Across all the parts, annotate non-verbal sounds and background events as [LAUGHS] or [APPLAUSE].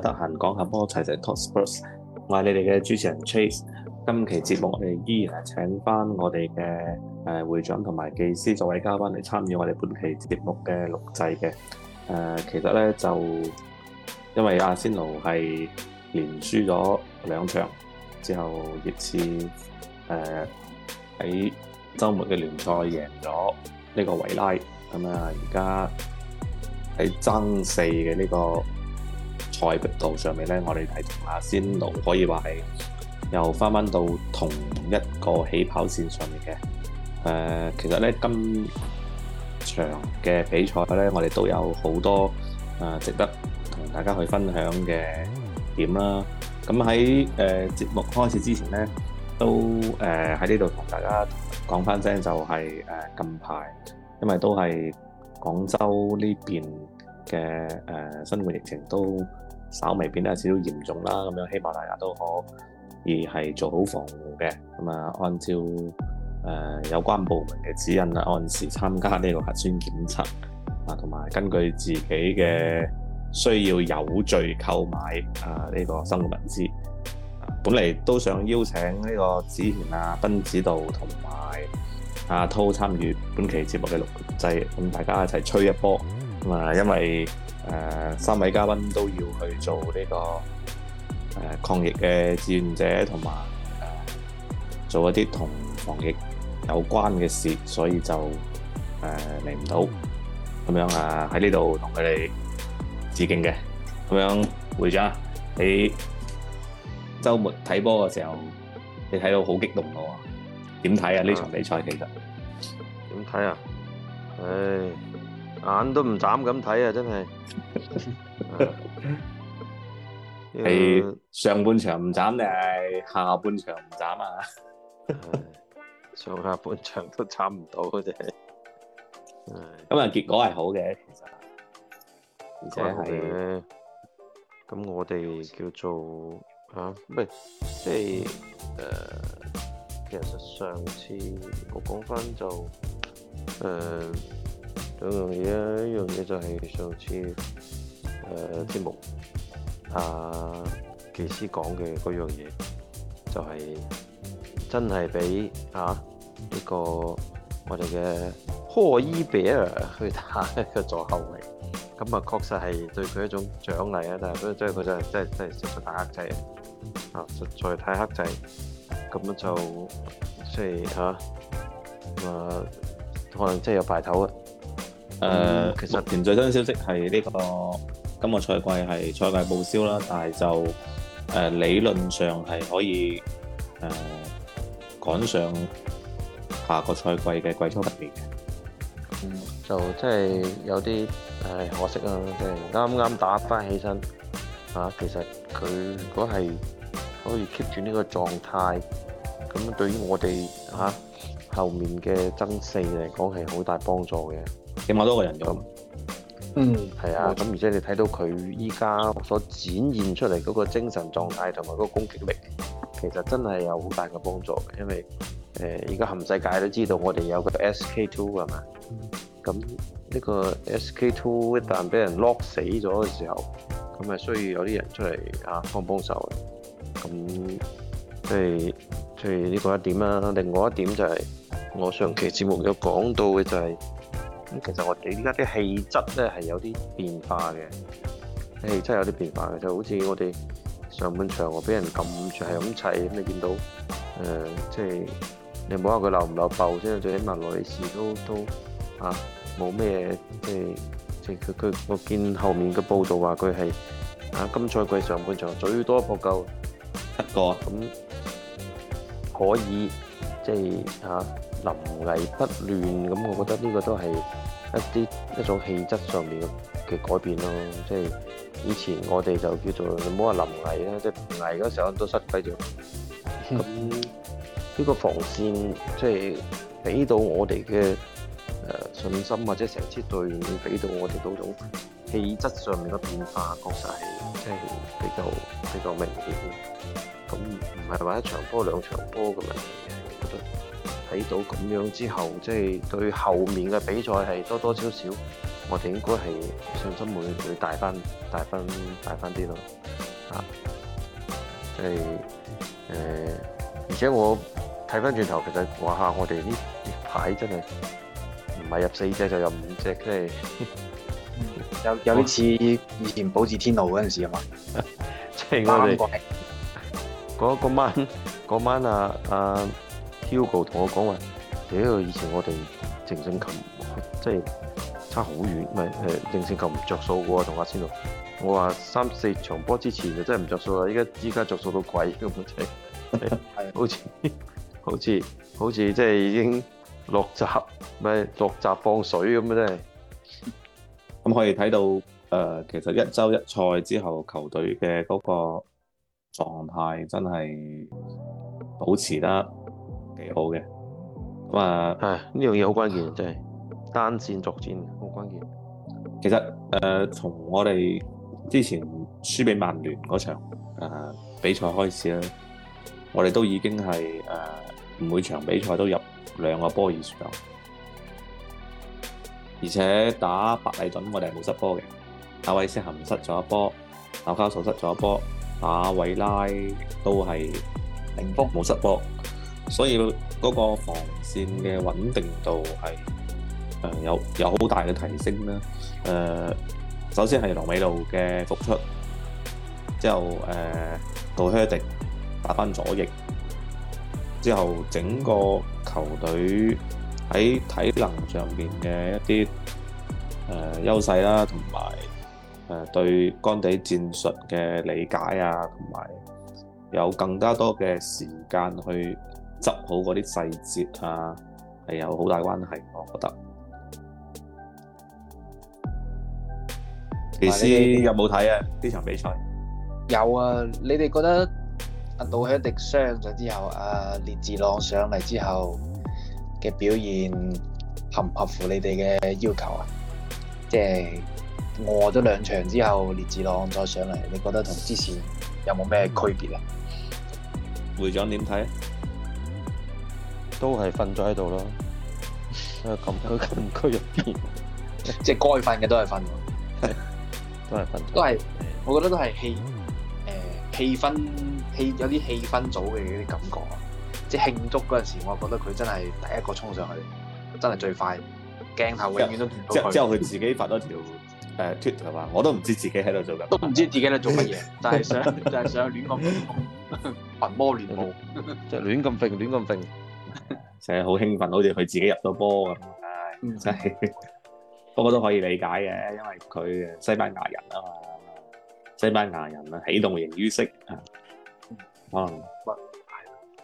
得閒講下波，齊齊 Talk Spurs，我係你哋嘅主持人 Chase。今期節目我哋依然係請翻我哋嘅誒會長同埋技師作為嘉賓嚟參與我哋本期節目嘅錄製嘅。誒、呃，其實咧就因為阿仙奴係連輸咗兩場之後熱刺，熱刺誒喺週末嘅聯賽贏咗呢個維拉，咁啊而家喺爭四嘅呢個台度上面呢，我哋係同阿仙奴可以話係又翻翻到同一個起跑線上面嘅。稍微變得有少少嚴重啦，咁樣希望大家都可以係做好防護嘅，咁啊按照誒、呃、有關部門嘅指引啊，按時參加呢個核酸檢測啊，同埋根據自己嘅需要有序購買啊呢、呢個生活物資。啊、本嚟都想邀請呢個子賢啊斌指導同埋阿濤參與本期節目嘅錄製，咁、啊、大家一齊吹一波，咁啊因為。誒、呃，三位嘉賓都要去做呢、這個誒、呃、抗疫嘅志願者，同埋誒做一啲同防疫有關嘅事，所以就誒嚟唔到，咁、呃、樣啊喺呢度同佢哋致敬嘅。咁樣會長，你周末睇波嘅時候，你睇到好激動嘅，點睇啊？呢、啊、場比賽其實點睇啊？唉、哎。眼都唔眨咁睇啊！真係，係、 [LAUGHS] yeah，上半場唔眨定係下半場唔眨啊？ [LAUGHS] 上下半場都眨唔到嘅，咁 [LAUGHS] 啊、 [LAUGHS] [LAUGHS] 嗯、結果係好嘅，其實，而且係，咁我哋叫做吓，唔即係誒，其實上次我講翻就誒。啊兩樣嘢啊！有一樣嘢就係上次誒、呃、節目啊，技師講嘅嗰樣嘢，就係、是、真係俾啊呢、這個我哋嘅賀伊比爾去打呢個左後衞，咁啊確實係對佢一種獎勵啊！但係不過真係佢真係真係真係實在太黑仔啊！實在太黑仔。咁樣就即係吓啊，可能真係有排唞啊！誒、嗯，其實聯最新消息係呢、這個今個賽季係賽季報銷啦，但係就誒、呃、理論上係可以誒、呃、趕上下個賽季嘅季初特面嘅。嗯，就即係、就是、有啲誒、哎、可惜、就是、剛剛啊，即係啱啱打返起身嚇。其實佢如果係可以 keep 住呢個狀態，咁對於我哋嚇、啊、後面嘅爭四嚟講係好大幫助嘅。幾萬多個人咁，嗯，係啊，咁、嗯、而且你睇到佢依家所展現出嚟嗰個精神狀態同埋嗰個攻擊力，其實真係有好大嘅幫助。因為誒，而家冚世界都知道我哋有個 SK2 係嘛，咁、嗯、呢個 SK2 一旦俾人 lock 死咗嘅時候，咁係需要有啲人出嚟啊幫幫手嘅。咁即係除呢個一點啦、啊，另外一點就係我上期節目有講到嘅就係、是。咁其實我哋依家啲氣質咧，係有啲變化嘅，氣質有啲變化嘅，就好似我哋上半場我俾人撳住係咁砌，咁你見到誒、呃，即係你唔好話佢漏唔漏爆先，最起碼內事都都嚇冇咩即係即佢佢我見後面嘅報道話佢係嚇今賽季上半場最多破夠七個，咁可以即係嚇。啊臨危不亂咁，我覺得呢個都係一啲一種氣質上面嘅改變咯。即係以前我哋就叫做唔好話臨危啦，即係危嗰時候都失規咗。咁，嗯，呢個防線即係俾到我哋嘅誒信心，或者成支隊伍俾到我哋嗰種氣質上面嘅變化，確實係即係比較比較明顯。咁唔係話一場波兩場波嘅問睇到咁樣之後，即係對後面嘅比賽係多多少少，我哋應該係信心會會大翻、大翻、大翻啲咯。啊，即係誒、呃，而且我睇翻轉頭，其實話下我哋呢排真係唔係入四隻就入五隻，即係有有啲似以前保持天路嗰陣時係嘛？即係我哋嗰晚、嗰、晚啊啊！啊 Hugo 同我講話，誒以前我哋淨勝球即係差好遠，唔係誒淨勝球唔着數嘅喎，同阿仙奴，我話三四場波之前就真係唔着數啦，而家依家著數到鬼咁，真係啊，好似 [LAUGHS] 好似好似即係已經落閘，唔落閘放水咁啊！真係咁、嗯、可以睇到誒、呃，其實一週一賽之後，球隊嘅嗰個狀態真係保持得幾好嘅，咁啊係呢樣嘢，好關鍵啊，真係單線作戰好關鍵。其實誒，從、呃、我哋之前輸俾曼聯嗰場、呃、比賽開始咧，我哋都已經係、呃、每場比賽都入兩個波以上，而且打白禮頓我哋係冇失波嘅，阿偉斯咸失咗一，失了一波，紐卡素失咗一波，打維拉都係零分冇失波。所以嗰個防線嘅穩定度係有，有好大嘅提升啦、呃。首先係羅美路嘅復出，之後杜靴迪打返左翼，之後整個球隊喺體能上面嘅一啲、呃、優勢啦，同埋對干地戰術嘅理解啊，同埋有更加多嘅時間去執好嗰啲細節啊，係有好大關係，我覺得。技師有冇睇啊？呢場比賽 [MUSIC] 有啊。你哋覺得阿杜香迪傷咗之後，阿列治朗上嚟之後嘅表現合唔合乎你哋嘅要求啊？即係餓咗兩場之後，列治朗再上嚟，你覺得同之前有冇咩區別啊？會長點睇？都係瞓咗喺度咯，喺個禁區禁區入邊，即係該瞓嘅都係瞓，係都係瞓，都係， [LAUGHS] 我覺得都係氣，誒氣氛氣有啲氣氛組嘅啲感覺，即係慶祝嗰陣時，我覺得佢真係第一個衝上去，佢真係最快，鏡頭永遠都斷到之後佢自己發咗條誒 tweet 係嘛，uh, Twitter, 我都唔知自己喺度做緊，都唔知自己喺度做乜嘢， [LAUGHS] 就係、是、想就係想亂咁群魔亂舞，就亂咁亂咁.成日好興奮，好似佢自己入咗波咁，唉，真係，不過都可以理解嘅，因為佢西班牙人啊嘛，西班牙人啊，喜動形於色啊，哦，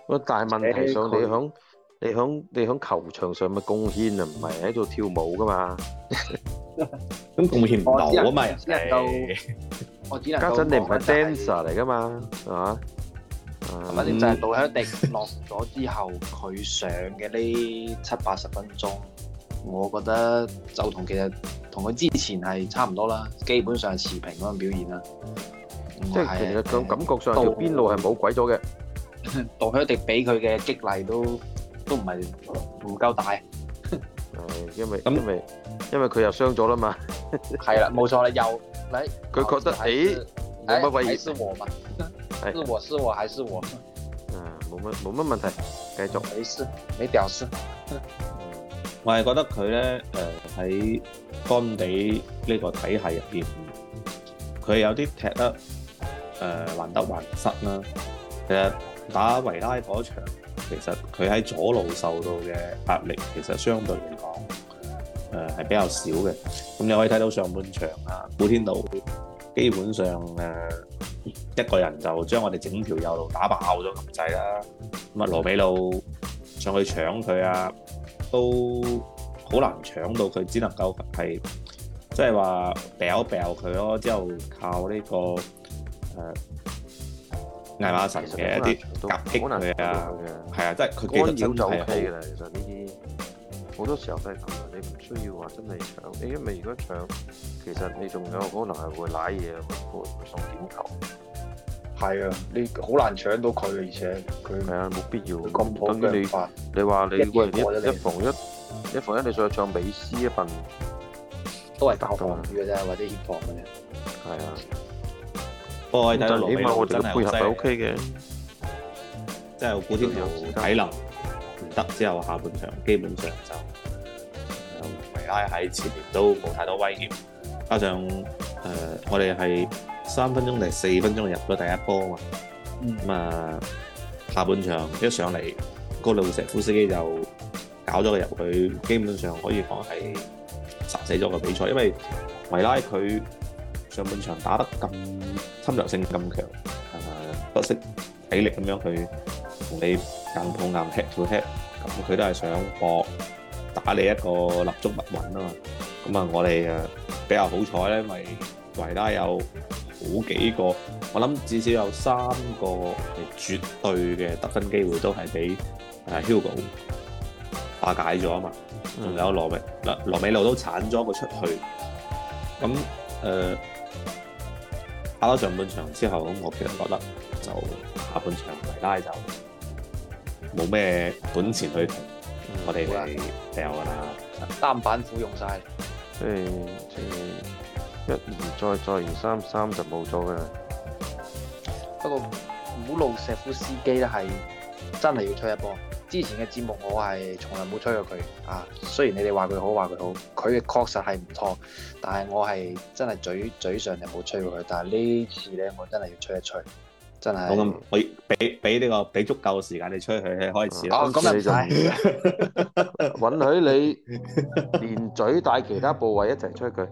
我但係問題上，你響你響你響球場上嘅貢獻啊，唔係喺度跳舞噶嘛，咁貢獻唔到啊嘛，係，家陣你唔係 dancer 嚟噶嘛，係嘛？反、嗯、正就係杜香迪落咗之後，佢 [LAUGHS] 上嘅呢七八十分鐘，我覺得就同其實同佢之前係差唔多啦，基本上係持平咁樣表現啦。即、嗯、係其實感感覺上條邊路係冇鬼咗嘅，杜 [LAUGHS] 香迪俾佢嘅激勵都都唔係唔夠大。係因為 [LAUGHS] 因為 [LAUGHS] 因為佢又傷咗啦嘛，係 [LAUGHS] 啦，冇錯啦，又佢覺得誒，乜鬼、欸、意思和嘛？ [LAUGHS] 是我，我是我，還是我？嗯，冇乜冇乜問題，繼續。沒事，沒屌事。我係覺得佢咧，誒喺干地呢個體系入邊，佢有啲踢得誒患、呃、得患失啦。其實打維拉嗰場，其實佢喺左路受到嘅壓力，其實相對嚟講，誒、呃、係比較少嘅。咁你可以睇到上半場啊，古天奴基本上誒。呃一個人就將我哋整條右路打爆咗咁滯啦！咁阿羅美路上去搶佢啊，都好難搶到佢，只能夠係即係話掉一掉佢咯。之後靠呢、這個誒艾馬臣嘅一啲夾擊佢啊，係啊，即係佢其得真係好啦。其實呢啲。好多時候都係咁樣，你唔需要話真係搶。你因為如果搶，其實你仲有可能係會瀨嘢，會送點球。係啊，你好難搶到佢，而且佢係啊，冇必要。咁普遍，你話你一防一，一防一，你再搶美斯一份，都係得防住㗎咋，或者掩防嘅啫。係啊，但係起碼我哋配合係 OK 嘅，即係我估啲冇體能。得之後下半場基本上就維拉喺前面都冇太多威脅，加上誒、呃、我哋係三分鐘定四分鐘入咗第一波啊嘛，咁、嗯、啊、嗯、下半場一上嚟，高路石夫斯基就搞咗個入去，基本上可以講係殺死咗個比賽，因為維拉佢上半場打得咁侵略性咁強，誒不適。俾力咁樣去同你硬碰硬 [NOISE] hit to hit，咁佢都係想搏打你一個立足不穩啊嘛。咁啊，我哋啊比較好彩咧，咪維拉有好幾個，我諗至少有三個係絕對嘅得分機會都係俾啊 Hugo 化解咗啊嘛。仲有羅美羅羅美露都鏟咗佢出去。咁誒、呃、打咗上半場之後，咁我其實覺得。就下半場維拉就冇咩本錢去平，嗯、我哋掉噶啦。單板斧用晒，即係即係一而再，再而三，三就冇咗噶啦。不過，古路石夫斯基咧係真係要吹一波。之前嘅節目我係從來冇吹過佢啊。雖然你哋話佢好話佢好，佢確實係唔錯，但係我係真係嘴嘴上就冇吹過佢。但係呢次咧，我真係要吹一吹。真係好咁，可以俾俾呢個俾足夠時間你吹佢開始啦。咁啊，允許你連嘴帶其他部位一齊吹佢。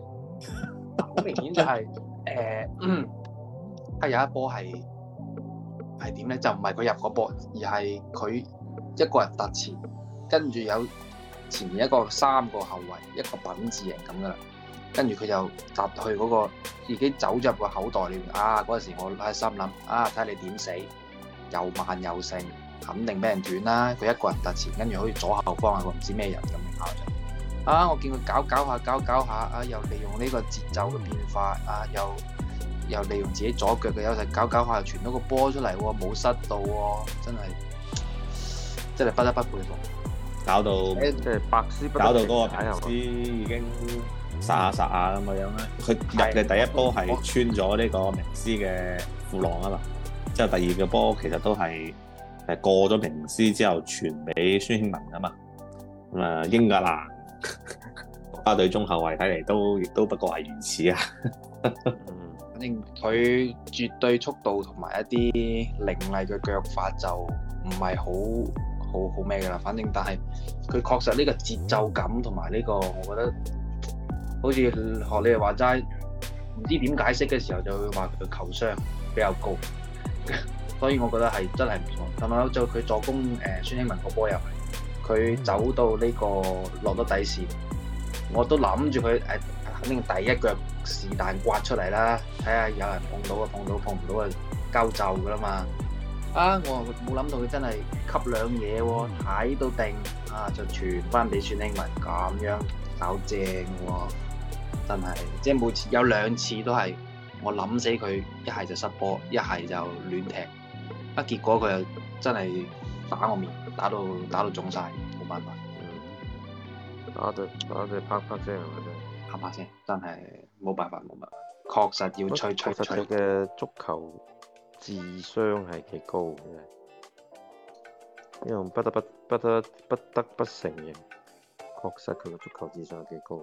好明顯就係誒，係有一波係係點咧？就唔係佢入個波，而係佢一個人突前，跟住有前面一個三個後衞，一個品字形咁噶啦。跟住佢就踏去嗰個，自己走入個口袋裏邊啊！嗰陣時我喺心諗啊，睇你點死，又慢又剩，肯定俾人斷啦。佢一個人突前，跟住好似左後方啊個唔知咩人咁樣跑咗。啊！我見佢搞搞下，搞搞下啊，又利用呢個節奏嘅變化啊，又又利用自己左腳嘅優勢搞搞下，又傳到個波出嚟喎，冇失到喎，真係真係不得不佩服，搞到即係百思不得搞到嗰個擺師已經。撒下剎下咁嘅樣咧，佢入嘅第一波係穿咗呢個名師嘅褲浪啊嘛，之後第二個波其實都係誒過咗名師之後傳俾孫興文啊嘛。咁啊，英格蘭國家隊中後衞睇嚟都亦都不過係如此啊 [LAUGHS] 反正佢絕對速度同埋一啲凌厲嘅腳法就唔係好好好咩㗎啦。反正但係佢確實呢個節奏感同埋呢個，我覺得。好似學你哋話齋，唔知點解釋嘅時候就會話佢球商比較高，所以我覺得係真係唔錯。咁啊，就佢助攻誒、呃、孫興文個波又係佢走到呢、呢個落咗底線，我都諗住佢誒肯定第一腳是但刮出嚟啦，睇下有人碰到啊，碰到碰唔到啊，交就㗎啦嘛。啊，我冇諗到佢真係吸兩嘢喎、哦，喺度定啊，就傳翻俾孫興文咁樣搞正喎。真係，即係每次有兩次都係我諗死佢，一係就失波，一係就亂踢。但結果佢又真係打我面，打到打到腫晒，冇辦法。打到打到啪啪聲，啪啪聲，真係冇辦法冇辦法。確實要吹吹吹吹。佢嘅足球智商係幾高嘅，因為不得不不得不得不承認，確實佢嘅足球智商係幾高。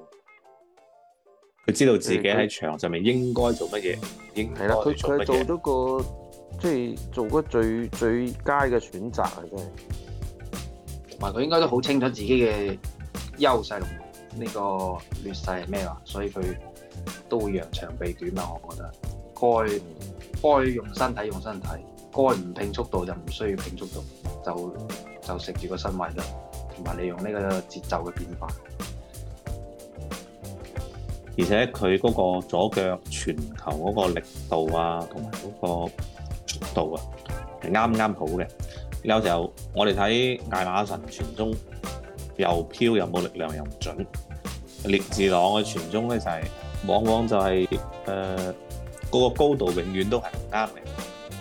佢知道自己喺場上面應該做乜嘢，係啦，佢佢做咗個即係做個最最佳嘅選擇啊！真係，同埋佢應該都好清楚自己嘅優勢同呢個劣勢係咩啦，所以佢都會揚長避短嘛。我覺得該該用身體用身體，該唔拼速度就唔需要拼速度，就就食住個身位咯，同埋利用呢個節奏嘅變化。而且佢嗰個左腳傳球嗰個力度啊，同埋嗰個速度啊，係啱啱好嘅。有時候我哋睇艾馬神傳中又飄又冇力量又唔準，列治朗嘅傳中咧就係、是、往往就係誒嗰個高度永遠都係唔啱嘅。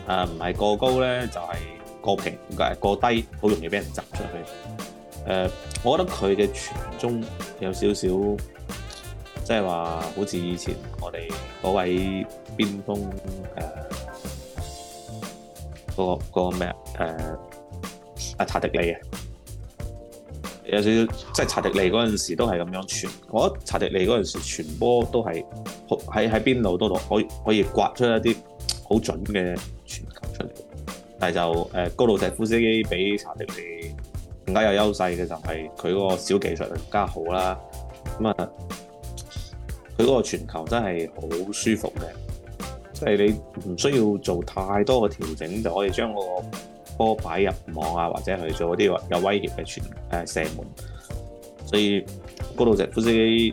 啊、呃，唔係過高咧就係、是、過平誒過低，好容易俾人擲出去。誒、呃，我覺得佢嘅傳中有少少。即係話，好似以前我哋嗰位邊鋒誒，嗰、呃那個咩啊？誒、那、啊、個呃、查迪尼，啊！有少少，即、就、係、是、查迪尼嗰陣時都係咁樣傳。我覺得查迪尼嗰陣時傳波都係喺喺邊度都可以可以刮出一啲好準嘅傳球出嚟。但係就誒、呃、高路石夫斯基比查迪尼更加有優勢嘅就係佢嗰個小技術更加好啦。咁啊～佢嗰個傳球真係好舒服嘅，即係你唔需要做太多嘅調整就可以將個波擺入網啊，或者去做嗰啲有威脅嘅傳誒、呃、射門。所以高盧石夫斯基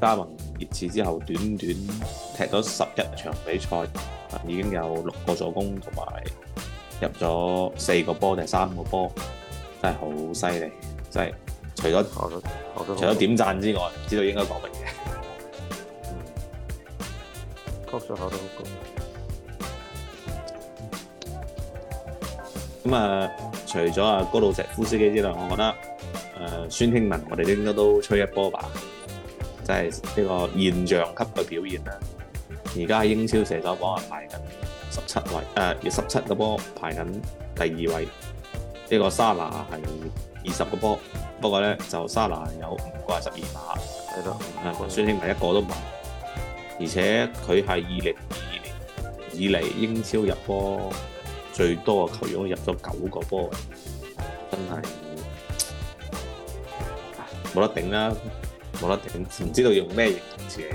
加盟熱刺之後，短短踢咗十一場比賽，已經有六個助攻同埋入咗四個波定三個波，真係好犀利！真係除咗除咗點讚之外，唔知道應該講咩？咁、嗯呃、啊，除咗啊高路石夫斯基之外，我覺得誒、呃、孫興文，我哋應該都吹一波吧，就係呢個現象級嘅表現啦！而家喺英超射手榜排緊十七位，誒十七個波排緊第二位，呢、這個莎拿係二十個波，不過呢就莎拿有五個十二碼，係咯，誒、嗯、孫興文一個都唔。而且佢係二零二二年以嚟英超入波最多嘅球員，入咗九個波，真係冇、啊、得頂啦！冇得頂，唔知道用咩形容詞。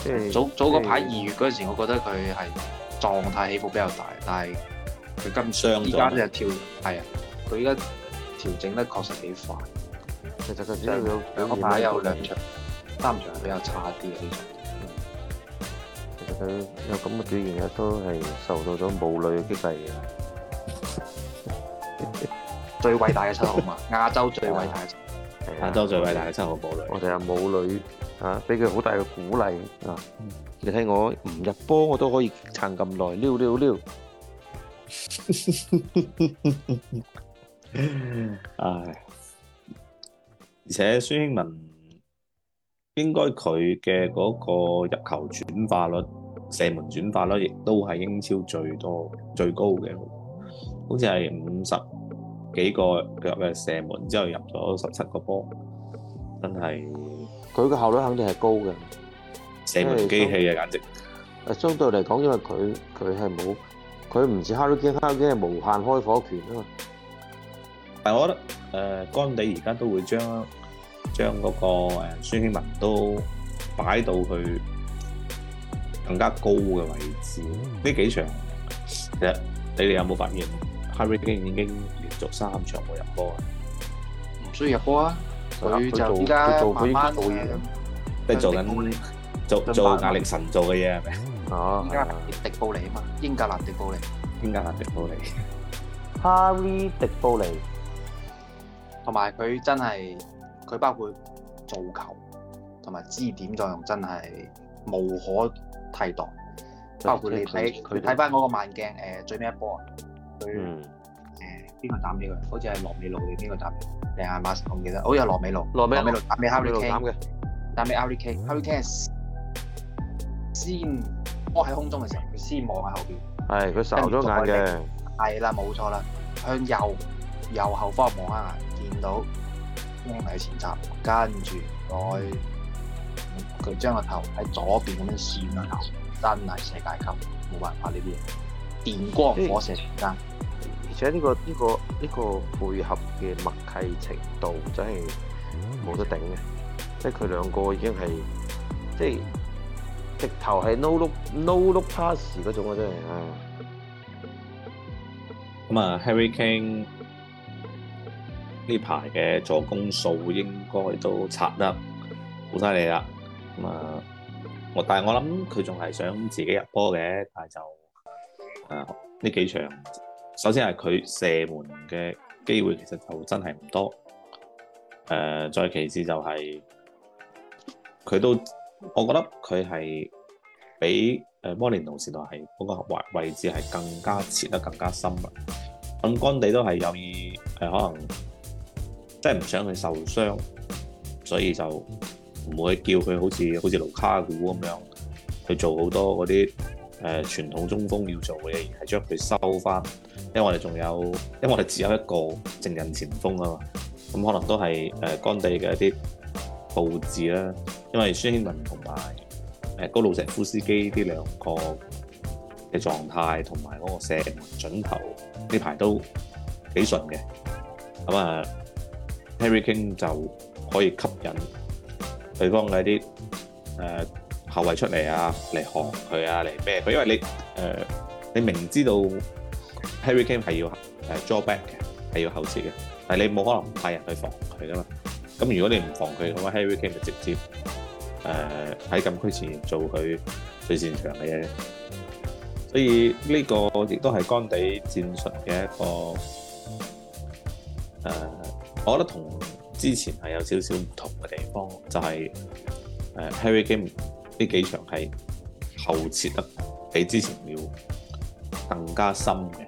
即係早即早嗰排二月嗰陣時候，我覺得佢係狀態起伏比較大，但係佢今傷咗，依家又跳。係啊，佢而家調整得確實幾快。其實佢上上嗰排有兩場。嗯三場係比較差啲嘅，其實佢有咁嘅表現咧，都係受到咗母女嘅激勵嘅。最偉大嘅七號嘛，亞洲最偉大嘅，亞洲最偉大嘅七號母女。我哋係母女嚇，俾佢好大嘅鼓勵啊！你睇我唔入波，我都可以撐咁耐，溜溜溜。唉，而且孫興文。應該佢嘅嗰個入球轉化率、射門轉化率，亦都係英超最多、最高嘅，好似係五十幾個腳嘅射門之後入咗十七個波，真係佢個效率肯定係高嘅，射門機器嘅簡直。誒，相對嚟講，因為佢佢係冇，佢唔似哈魯堅，哈魯堅係無限開火權啊嘛。但係我覺得誒，干地而家都會將。將嗰個誒孫興文都擺到去更加高嘅位置，呢幾場其實你哋有冇發現？Harry Kane 已經連續三場冇入波啊！唔需要入波啊！佢就佢做嗰啲乜嘢啊？都係做緊做做壓力神做嘅嘢係咪？哦，迪布尼啊嘛，英格蘭迪布尼，英格蘭迪布尼，Harry 迪布尼，同埋佢真係。佢包括造球同埋支點作用真係無可替代。包括你睇佢睇翻嗰個慢鏡，呃、最尾一波，佢誒邊個打呢個？好似係羅美露定邊個打？定係馬斯？我唔記得，好似係羅美露。羅美露打未？阿裏 King。打未？阿裏 King。阿裏 King 先我喺空中嘅時候，佢先望喺後邊。係，佢睄咗眼嘅。係啦，冇錯啦，向右右後方望下眼，見到。喺前集，跟住再佢將個頭喺左邊咁樣轉啊，真係世界級，冇辦法，呢啲電光火石之間，而且呢個呢、呢個呢、呢個配合嘅默契程度真係冇得頂嘅、嗯嗯，即係佢兩個已經係即係直頭係 no look no look pass 嗰種真啊，真係啊，咁 [LAUGHS] 啊，Harry Kane。呢排嘅助攻數應該都刷得好犀利啦。咁、嗯、啊，但我但係我諗佢仲係想自己入波嘅，但係就誒呢、啊、幾場，首先係佢射門嘅機會其實就真係唔多。誒、呃，再其次就係、是、佢都，我覺得佢係比誒摩連奴時代係嗰個位置係更加切得更加深。咁乾、嗯、地都係有意，誒可能。真係唔想佢受傷，所以就唔會叫佢好似好似盧卡古咁樣去做好多嗰啲誒傳統中鋒要做嘅嘢，而係將佢收翻。因為我哋仲有，因為我哋只有一個正印前鋒啊嘛，咁可能都係誒、呃、乾地嘅一啲佈置啦。因為孫興文同埋誒高路石夫斯基呢兩個嘅狀態同埋嗰個射門準頭呢排都幾順嘅，咁、嗯、啊～、呃 Harry Kane 就可以吸引對方嘅一啲誒、呃、後衞出嚟啊，嚟防佢啊，嚟咩佢。因為你誒、呃、你明知道 Harry Kane 係要誒 draw back 嘅，係要後撤嘅，但係你冇可能派人去防佢噶嘛。咁如果你唔防佢嘅話 Harry Kane 就直接誒喺、呃、禁區前做佢最擅長嘅嘢。所以呢個亦都係干地戰術嘅一個誒。呃我覺得同之前係有少少唔同嘅地方，就係、是、誒 Harry Kane 呢幾場係後撤得比之前要更加深嘅，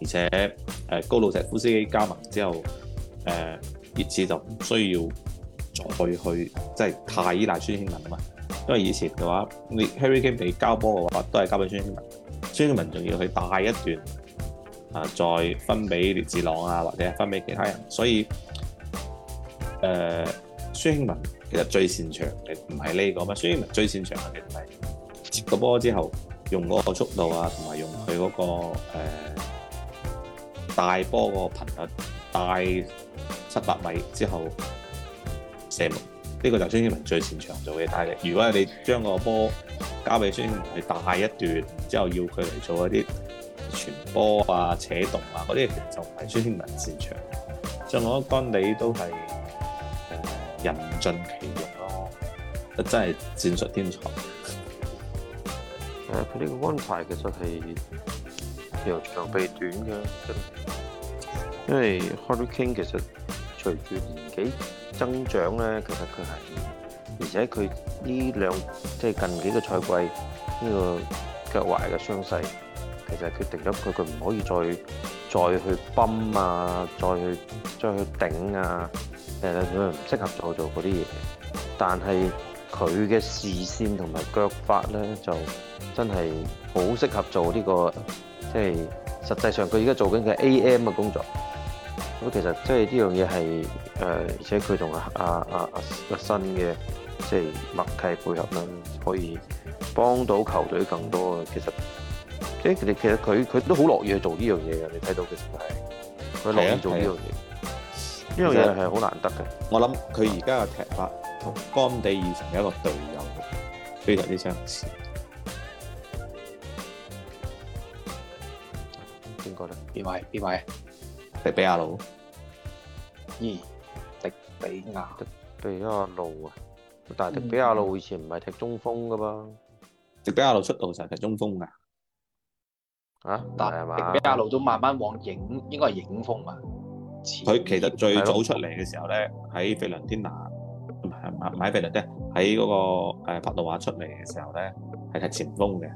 而且誒高路石夫斯基加盟之後，誒熱刺就唔需要再去即係太依賴孫興文啊嘛，因為以前嘅話 Harry Kane 你 Harry Kane 俾交波嘅話都係交俾孫興文，孫興文仲要去帶一段。啊！再分俾列志朗啊，或者分俾其他人，所以誒，孫、呃、興文其實最擅長嘅唔係呢個咩？孫興文最擅長嘅其實係接個波之後，用嗰個速度啊，同埋用佢嗰、那個、呃、大波嗰個頻率，大七百米之後射門。呢、這個就孫興文最擅長做嘅。但係如果你將個波交俾孫興文去大一段之後，要佢嚟做一啲，傳波啊，扯動啊，嗰啲其實就唔係孫興慜擅長。即係我覺得你都係人盡其用咯、啊，啊真係戰術天才。誒，佢呢個安排其實係揚長避短嘅，因為 Harry Kane 其實隨住年紀增長咧，其實佢係，而且佢呢兩即係、就是、近幾個賽季呢、呢個腳踝嘅傷勢。其實決定咗佢，佢唔可以再再去泵啊，再去再去頂啊，誒佢唔適合做做嗰啲嘢。但係佢嘅視線同埋腳法咧，就真係好適合做呢個，即係實際上佢而家做緊嘅 AM 嘅工作。咁其實即係呢樣嘢係誒，而且佢仲係阿啊啊，啊新嘅，即係默契配合啦，可以幫到球隊更多嘅其實。誒，其實佢佢都好樂意去做呢樣嘢嘅。你睇到其實係佢樂意做呢樣嘢，呢樣嘢係好難得嘅。我諗佢而家嘅踢法同干地以前嘅一個隊友非常之相似。邊個咧？邊位、啊？邊位、啊啊？迪比亞路？二迪比亞迪比亞路啊！但係迪比亞路以前唔係踢中鋒嘅噃。迪比亞路、啊、出道時係踢中鋒㗎。啊，但迪比亞路都慢慢往影，應該係影鋒啊。佢其實最早出嚟嘅時候咧，喺費倫天拿，唔係唔係唔係費倫天，喺嗰個誒法諾瓦出嚟嘅時候咧，係踢前鋒嘅，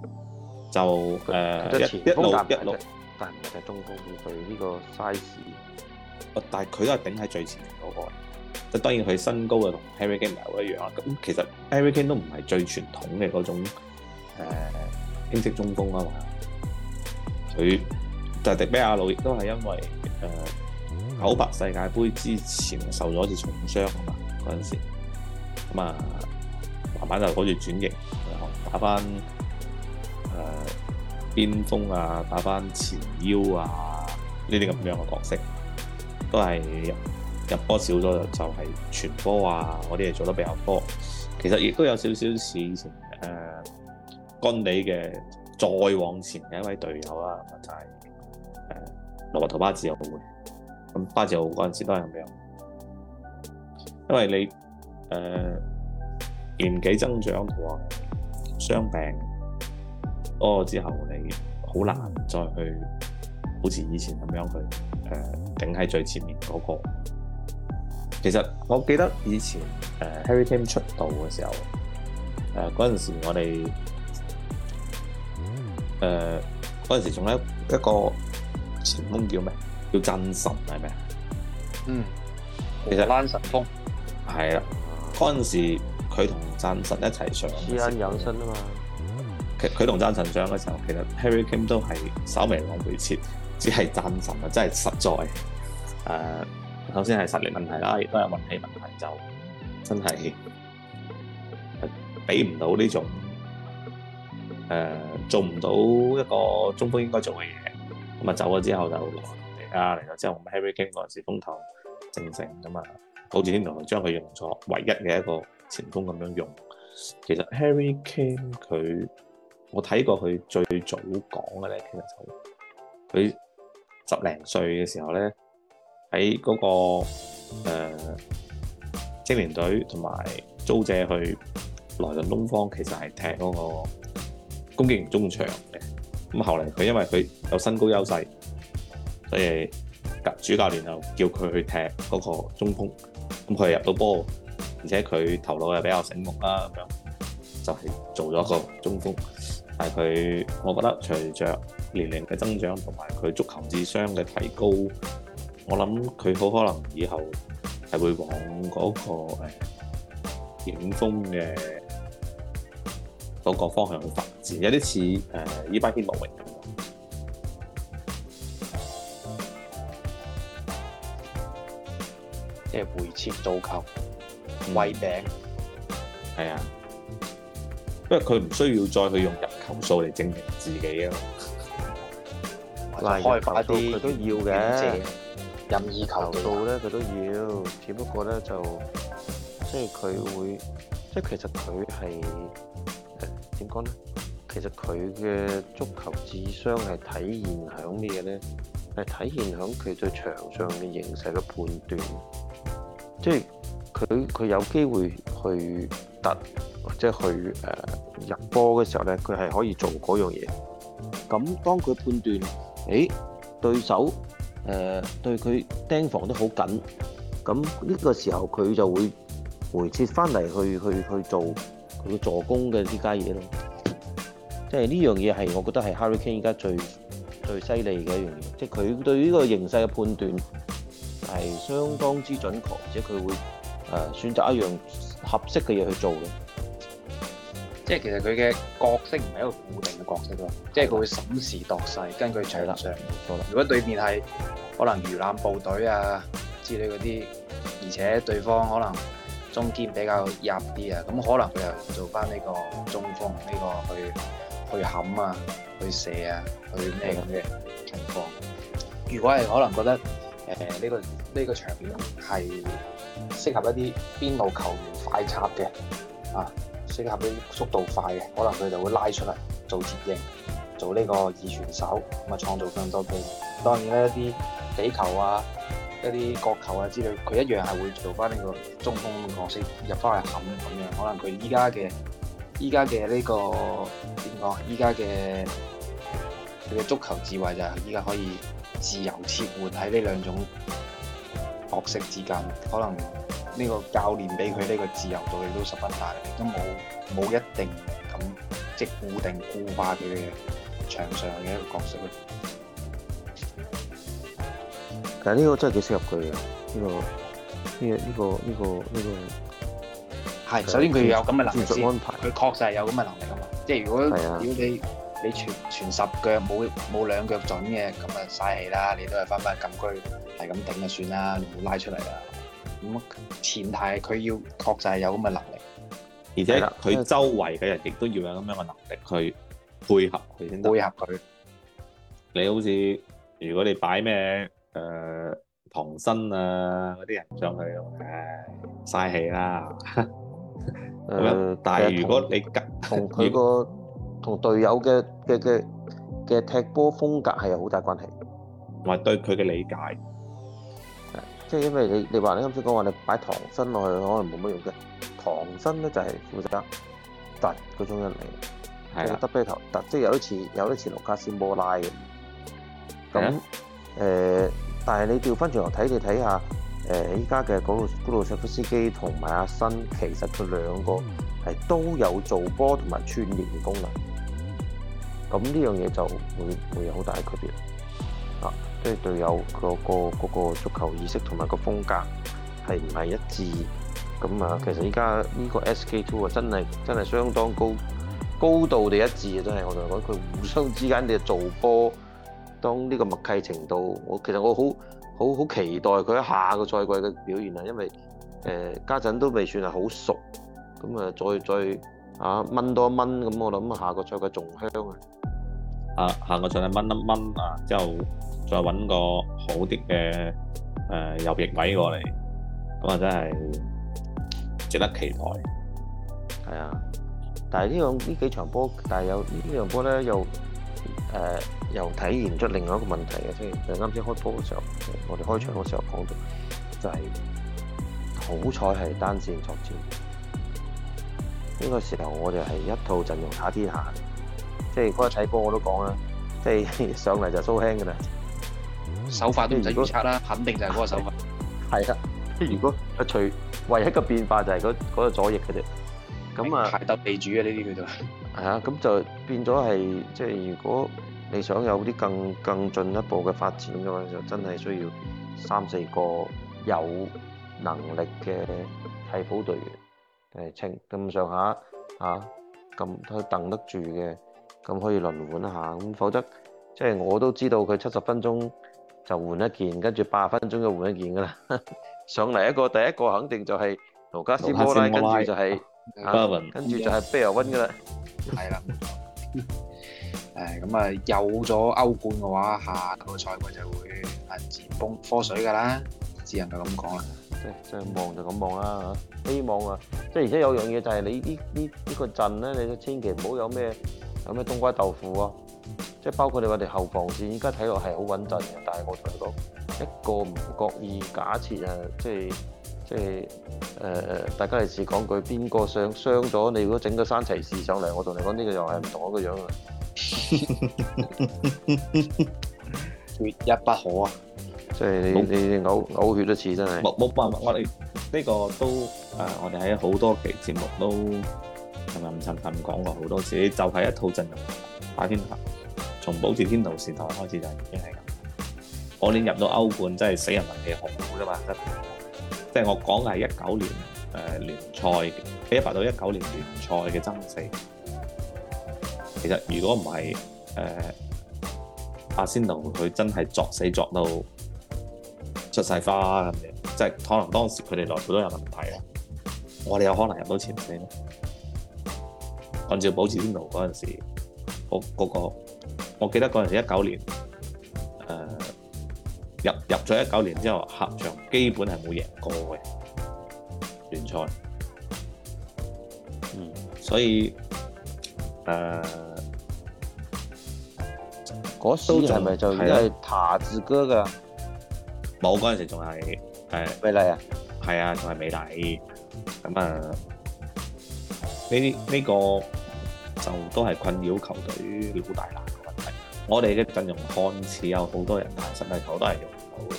就誒一、呃、一路但係，唔係踢中鋒佢呢個 size，但係佢都係頂喺最前嗰、嗰個，即係當然佢身高啊同 Harry Kane 唔係好一樣啊，咁其實 Harry Kane 都唔係最傳統嘅嗰種誒英式中鋒啊嘛。佢但迪比亞魯亦都係因為誒，九、呃、八世界杯之前受咗一次重傷啊嘛，嗰陣時咁啊，慢慢就好似轉型，打翻誒、呃、邊鋒啊，打翻前腰啊呢啲咁樣嘅角色，嗯、都係入入波少咗，就係傳波啊嗰啲嘢做得比較多。其實亦都有少少似以前誒干地嘅。呃再往前嘅一位隊友、啊、就係誒蘿蔔頭巴治奧會，咁巴治奧嗰時都係咁樣，因為你年紀、呃、增長同埋、啊、傷病，嗰個之後你好難再去好似以前咁樣去誒、呃、頂喺最前面嗰個。其實我記得以前、呃、Harry Kane 出道嘅時候，嗰、呃、時我哋。誒、呃，嗰陣時仲有一個前鋒叫咩？叫贊神係咪？嗯，其實。拉神鋒。係啦，嗰陣時佢同贊神一齊上。尸恩有身啊嘛。佢佢同贊神上嘅時候，其實 Harry Kane 都係稍微往回切，只係贊神啊，真係實在。誒、呃，首先係實力問題啦，亦都係運氣問題就，就真係俾唔到呢種。誒、呃、做唔到一個中鋒應該做嘅嘢，咁啊走咗之後就阿嚟咗之後 [MUSIC] ，Harry Kane 嗰陣時風頭正盛啊嘛，好似啲同學將佢用作唯一嘅一個前鋒咁樣用。其實 Harry Kane 佢我睇過佢最早講嘅咧，其實佢十零歲嘅時候咧喺嗰個、呃、青年隊同埋租借去來頓東方，其實係踢嗰、那個。攻擊型中場嘅，咁後嚟佢因為佢有身高優勢，所以主教練又叫佢去踢嗰個中鋒，咁佢入到波，而且佢頭腦又比較醒目啦咁樣，就係、是、做咗個中鋒。但係佢，我覺得隨着年齡嘅增長同埋佢足球智商嘅提高，我諗佢好可能以後係會往嗰、那個誒影、欸、鋒嘅嗰個方向去發展。有啲似誒依班啲攞榮咁樣，即係回撤租購、圍餅，係啊，不過佢唔需要再去用入球數嚟證明自己啊。嗱，開發都佢都要嘅，任意球數咧佢都要，只不過咧就即係佢會，即係其實佢係點講咧？其實佢嘅足球智商係體現喺咩嘢咧？係體現喺佢對場上嘅形勢嘅判斷，即係佢佢有機會去突，或者去誒、呃、入波嘅時候咧，佢係可以做嗰樣嘢。咁當佢判斷，誒、哎、對手誒、呃、對佢釘防得好緊，咁呢個時候佢就會回撤翻嚟去去去做佢嘅助攻嘅啲家嘢咯。誒呢樣嘢係，我覺得係 Harry Kane 依家最最犀利嘅一樣嘢，即係佢對於呢個形勢嘅判斷係相當之準確，而且佢會誒選擇一樣合適嘅嘢去做嘅。即係其實佢嘅角色唔係一個固定嘅角色咯，即係佢會審時度勢，根據場合。上嚟。冇啦。如果對面係可能魚腩部隊啊之類嗰啲，而且對方可能中堅比較入啲啊，咁可能佢又做翻呢個中鋒呢、呢個去。去冚啊，去射啊，去咩咁嘅情況，嗯？如果係可能覺得呢、呃呢個呢、呢個、場面係適合一啲邊路球員快插嘅啊，適合啲速度快嘅，可能佢就會拉出嚟做接應，做呢個二傳手，創造更多機會。當然呢一啲地球啊，一啲角球啊之類，佢一樣係會做翻呢個中鋒角色入翻去冚咁樣。可能佢依家嘅。依家嘅呢個點講？依家嘅足球智慧就係依家可以自由切換喺呢兩種角色之間，可能呢個教練俾佢呢個自由度亦都十分大，都、嗯、冇有，冇有一定即固定固化佢嘅場上嘅一個角色。其實呢個真係幾適合佢嘅，呢個呢個呢個呢、這個。這個係，首先佢要有咁嘅能力先，佢確實係有咁嘅能力啊嘛。即係如果如果你你全全十腳冇冇兩腳準嘅，咁啊嘥氣啦，你都係翻翻禁區係咁頂就算啦，你唔好拉出嚟啦。咁前提係佢要確實係有咁嘅能力，而且佢周圍嘅人亦都要有咁樣嘅能力去配合佢先得。配合佢，你好似如果你擺咩誒唐新啊嗰啲人上去，唉嘥氣啦！ [LAUGHS] 誒、嗯，但係如果你同佢個同隊友嘅嘅嘅嘅踢波風格係有好大關係，同埋對佢嘅理解，即係因為你你話你啱先講話你擺唐身落去可能冇乜用嘅，唐身咧，就係負責突嗰種人嚟，係耷低頭突，即、就、係、是、有啲似，有啲似盧卡斯摩拉嘅，咁誒、呃，但係你調翻轉頭睇你睇下。誒依家嘅嗰度古魯舍夫斯基同埋阿新，其實佢兩個係都有做波同埋串聯嘅功能，咁呢樣嘢就會會有好大嘅區別，啊，即係隊友嗰個、嗰個足球意識同埋個風格係唔係一致，咁啊，其實依家呢個 S.K. Two 啊真係真係相當高高度地一致啊，真係我同你講佢互相之間嘅做波，當呢個默契程度，我其實我好，好好期待佢喺下個賽季嘅表現啊！因為誒家陣都未算係好熟，咁啊再再啊掹多一掹咁我諗，下個賽季仲香啊！啊，下個賽季掹一掹啊，之後再揾個好啲嘅誒右翼位過嚟，咁啊真係值得期待。係啊，但係呢種呢幾場波，但係有、呢個、呢幾場波咧又。誒。呃又體現出另外一個問題嘅，即係啱先開波嘅時候，我哋開場嘅時候講到，就係、是、好彩係單線作戰。呢、這個時候我哋係一套陣容打天下，即係嗰日睇波我都講啦，即、就、係、是、上嚟就蘇興嘅啦，手法都唔使插啦，肯定就係嗰個手法。係啊，即係、啊、如果一除，唯一嘅變化就係嗰嗰個左翼嘅啫。咁啊，鬥地主嘅呢啲叫做係啊，咁就變咗係即係如果。你想有啲更更進一步嘅發展嘅話，就真係需要三四個有能力嘅替補隊員，誒清咁上下嚇，咁都等得住嘅，咁可以輪換一下。咁否則即係我都知道佢七十分鐘就換一件，跟住八十分鐘就換一件㗎啦。上嚟一個第一個肯定就係盧加斯波拉，跟住就係，跟住就係貝尤雲㗎啦。係啦。冇錯。誒咁啊，有咗歐冠嘅話，下個賽季就會係自，自然崩科水㗎啦，只能夠咁講啦。即係即係望就咁望啦嚇，希望啊！即係而且有樣嘢就係你呢呢呢個陣咧，你千祈唔好有咩有咩冬瓜豆腐啊。即係包括你話你後防線依家睇落係好穩陣嘅，但係我同你講一個唔覺意假設啊，即係即係誒誒，大家嚟時講一句邊個傷傷咗？你如果整個山齊士上嚟，我同你講呢個又係唔同一個樣啊！嗯 [LAUGHS] 缺一不可啊！即係你你你嘔嘔血，這個，都似真係冇冇辦法，我哋呢個都誒，我哋喺好多期節目都同陳陳陳講過好多次，就係、是、一套陣容打天台，從保持天台時代開始就已經係咁。嗰年入到歐冠真係死人運氣好噶嘛，即係、就是、我講係一九年誒聯賽喺一八到一九年聯賽嘅爭四。其實如果唔係、呃，阿仙奴佢真係作死作到出晒花樣，即係可能當時佢哋內部都有問題啦。我哋有可能入到前四咧。按照保持天奴嗰陣時候，我嗰、嗰個我記得嗰陣時一九年，誒、呃，入入咗一九年之後，客場基本係冇贏過嘅聯賽。嗯，所以。誒，嗰時係咪就即係塔子哥噶？冇嗰陣時仲係誒，美麗啊，係啊，仲係美麗。咁、呃、啊，呢呢、啊啊呢個就都係困擾球隊好大難嘅問題。我哋嘅陣容看似有好多人，但係實際球都係用唔到嘅。誒、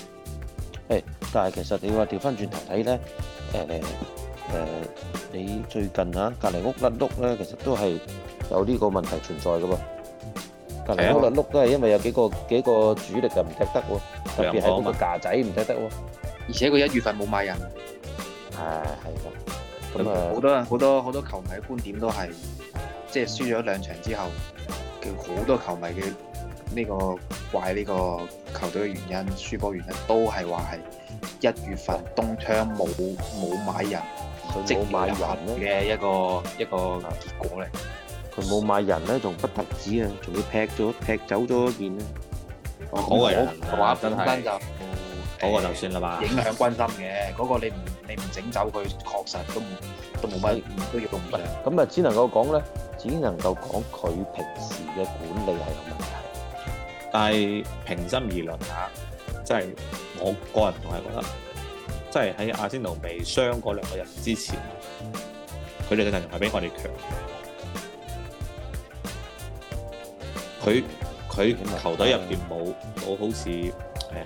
哎，但係其實你話調翻轉頭睇咧，誒、哎。哎誒、uh，你最近啊，隔籬屋甩碌咧，其實都係有呢個問題存在噶噃。隔籬屋甩碌都係因為有幾個幾個主力就唔踢得喎，特別係嗰個架仔唔踢得喎。而且佢一月份冇買人，係係咁咁啊！好、uh, 多好多好多球迷嘅觀點都係即係輸咗兩場之後，好多球迷嘅呢、這個怪呢個球隊嘅原因輸波原因都係話係一月份冬窗冇冇買人。冇買人嘅一個一個結果嚟，佢冇買人咧，仲不特止、嗰個、啊，仲要劈咗劈走咗一件咧。嗰個就話真係就，嗰、嗰個就算啦嘛。影響軍心嘅，嗰、嗰個你唔你唔整走佢，確實都都冇乜都都唔得。咁啊，只能夠講咧，只能夠講佢平時嘅管理係有問題。但係平心而論嚇，即、啊、係、啊、我個人仲係覺得。即係喺阿仙奴未傷嗰兩個人之前，佢哋嘅陣容係比我哋強。佢佢球隊入邊冇冇好似誒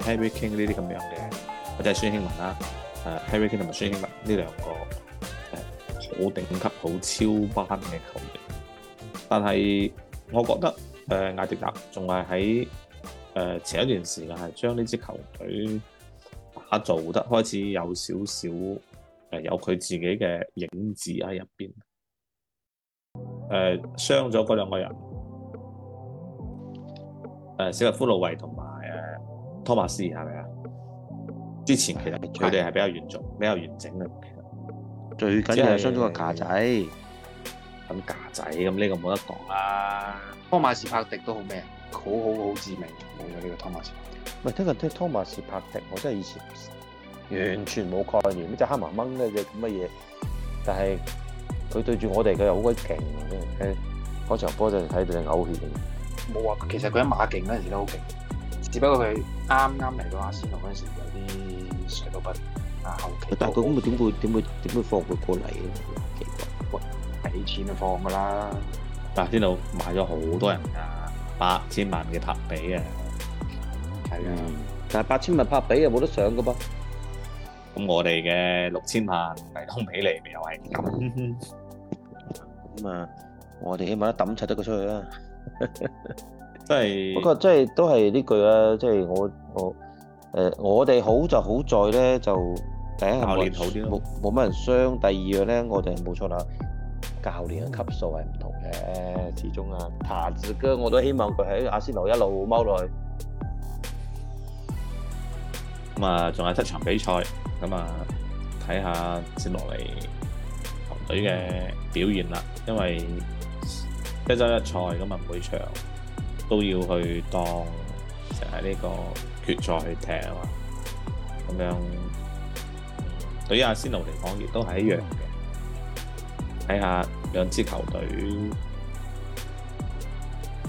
Harry Kane 呢啲咁樣嘅，或者係孫興文啦、啊、誒、啊、Harry Kane 同埋孫興文呢兩個誒好頂級、好超班嘅球員。但係我覺得誒、呃、艾迪達仲係喺誒前一段時間係將呢支球隊。阿做得開始有少少，誒有佢自己嘅影子喺入邊。誒傷咗嗰兩個人，誒小約夫魯維同埋誒托馬斯係咪啊？之前其實佢哋係比較嚴重，比較完整嘅。最緊要係傷咗個架仔，咁架仔咁呢個冇得講啦。托馬斯帕迪都好咩？好好好致命，冇咗呢個托馬斯。咪聽人聽托馬斯拍踢，我真係以前完全冇概念，咩就黑麻蚊咧，嘅咁乜嘢。但係佢對住我哋佢又好鬼勁，嗰場波就睇到佢嘔血。冇啊，其實佢喺馬競嗰陣時都好勁，只不過佢啱啱嚟到阿仙奴嗰陣時有啲水佬骨，但係後期。但係佢咁會點會點會點會放佢過嚟，奇怪，俾錢就放噶啦。阿仙奴買咗好多人噶，八千萬嘅帕比啊！係啊，但係八千萬拍底又冇得上噶噃，咁我哋嘅六千萬嚟 compare 嚟，又係咁。咁啊，我哋起碼抌出得佢出去啦。都係，不過真係都係呢句啦。即係我我誒，我哋好就好在咧，就第一教練好啲冇冇冇乜人傷，第二樣咧，我哋係冇錯啦。教練嘅級數係唔同嘅，始終啊。塔子哥，我都希望佢係阿仙奴一路踎落去。咁、嗯、啊，仲有七場比賽，咁啊睇下接落嚟球隊嘅表現啦。因為一週一賽，咁啊每場都要去當成喺呢個決賽去踢、嗯、對咁樣對阿仙奴嚟講亦都係一樣嘅。睇下兩支球隊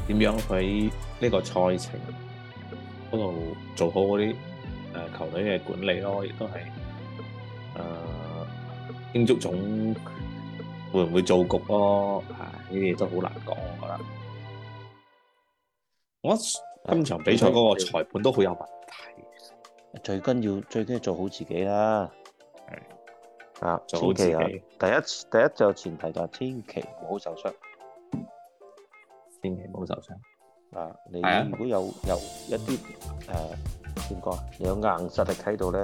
點樣喺呢個賽程嗰度做好嗰啲。誒，球隊嘅管理咯，亦都係誒，英足總會唔會做局咯？呢啲都好難講，我覺得。我今場比賽嗰個裁判都好有問題。最緊要，最緊要做好自己啦。係啊，做好自己。第一，第一就前提就係，千祈唔好受傷。千祈唔好受傷。嗱，你如果有有一啲誒。點講啊？有硬實力喺度咧，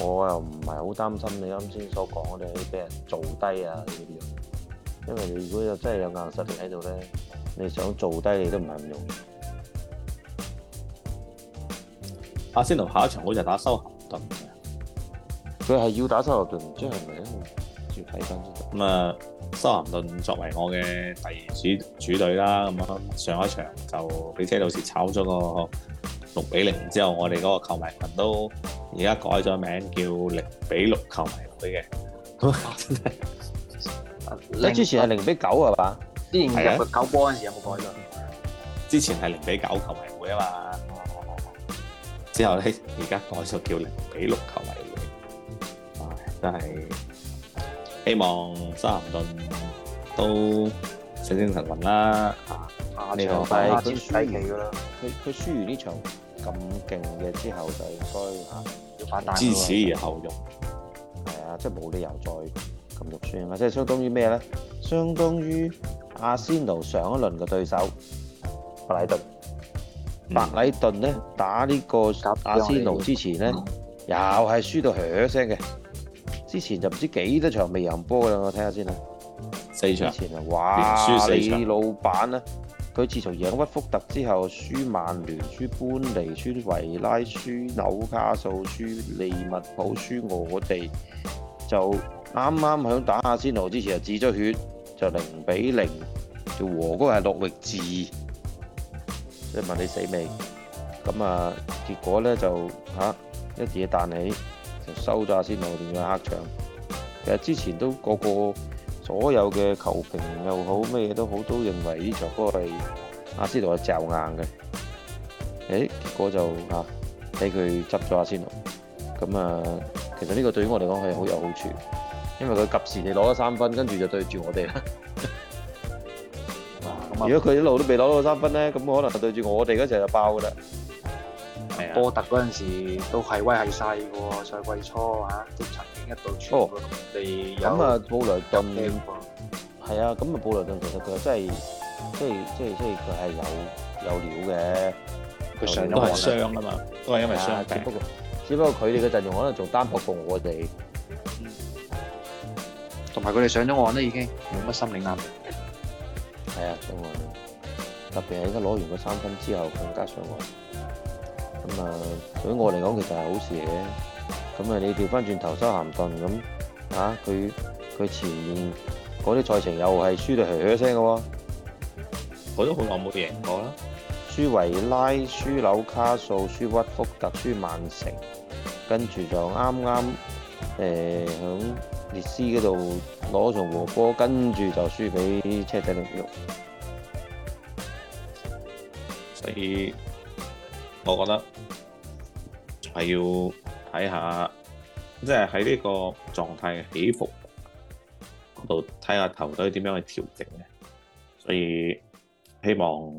我又唔係好擔心你啱先所講，我哋俾人做低啊呢啲，因為你如果又真係有硬實力喺度咧，你想做低你都唔係咁容易。阿仙奴下一場好似打修咸頓，佢係要打修咸頓，唔知係咪咧？咁、嗯、啊，修咸頓作為我嘅第二主主隊啦，咁、嗯、啊上一場就俾車路士炒咗個。六比零之後，我哋嗰個球迷群都而家改咗名叫零比六球迷會嘅。咁 [LAUGHS] 你之前係零比九係嘛？之前入九波嗰陣時有冇改咗？之前係零比九球迷會啊嘛。 [LAUGHS] 之後咧，而家改咗叫零比六球迷會、啊。真係希望修咸頓都順風順水啦。下場係佢輸嘅啦，佢佢、啊啊、輸完呢、啊啊、場。咁勁嘅之後就應該要知恥而後勇，係啊，即係冇理由再咁肉酸啦，即係相當於咩咧？相當於阿仙奴上一輪嘅對手白禮頓。白禮頓咧打呢個阿仙奴之前咧、嗯，又係輸到噏噏聲嘅。之前就唔知幾多場未贏波啦，我睇下先啦。四場，前哇！死老闆啊！佢自從贏屈福特之後，輸曼聯、輸班尼、輸維拉、輸紐卡素、輸利物浦、輸我哋，就啱啱響打阿仙奴之前就止咗血，就零比零就和局，係六力字，即係問你死未？咁啊，結果咧就吓、啊，一嘢彈起就收咗阿仙奴，仲要黑場。其實之前都個個。所有嘅球評又好，咩嘢都好，都認為呢場波係阿仙奴係嚼硬嘅。誒，結果就嚇俾佢執咗阿仙奴。咁啊，其實呢個對於我嚟講係好有好處，因為佢及時地攞咗三分，跟住就對住我哋啦。如果佢一路都未攞到三分咧，咁可能對住我哋嗰陣就爆噶啦。波特嗰陣時都係威係細喎，賽季初嚇。哦，咁啊，布雷頓，係啊，咁啊，布雷頓，其實佢真係，即係，即係，真係，佢係有，有料嘅。佢上了了都係傷啊嘛，都係因為傷、啊。只不過，只不過佢哋嘅陣容可能仲單薄過我哋，同埋佢哋上咗岸咧，已經冇乜心理壓力。係啊，上岸，特別係依家攞完個三分之後，更加上岸。咁啊，對於我嚟講，其實係好事嘅。咁啊！你調翻轉頭收咸頓咁，吓佢佢前面嗰啲賽程又係輸到噓噓聲嘅，我都好耐冇贏過啦。輸維拉，輸紐卡素，輸屈福特，輸曼城，跟住就啱啱誒響列斯嗰度攞場和波，跟住就輸俾車底力玉，所以我覺得係要。睇下，即係喺呢個狀態起伏度睇下球隊點樣去調整嘅，所以希望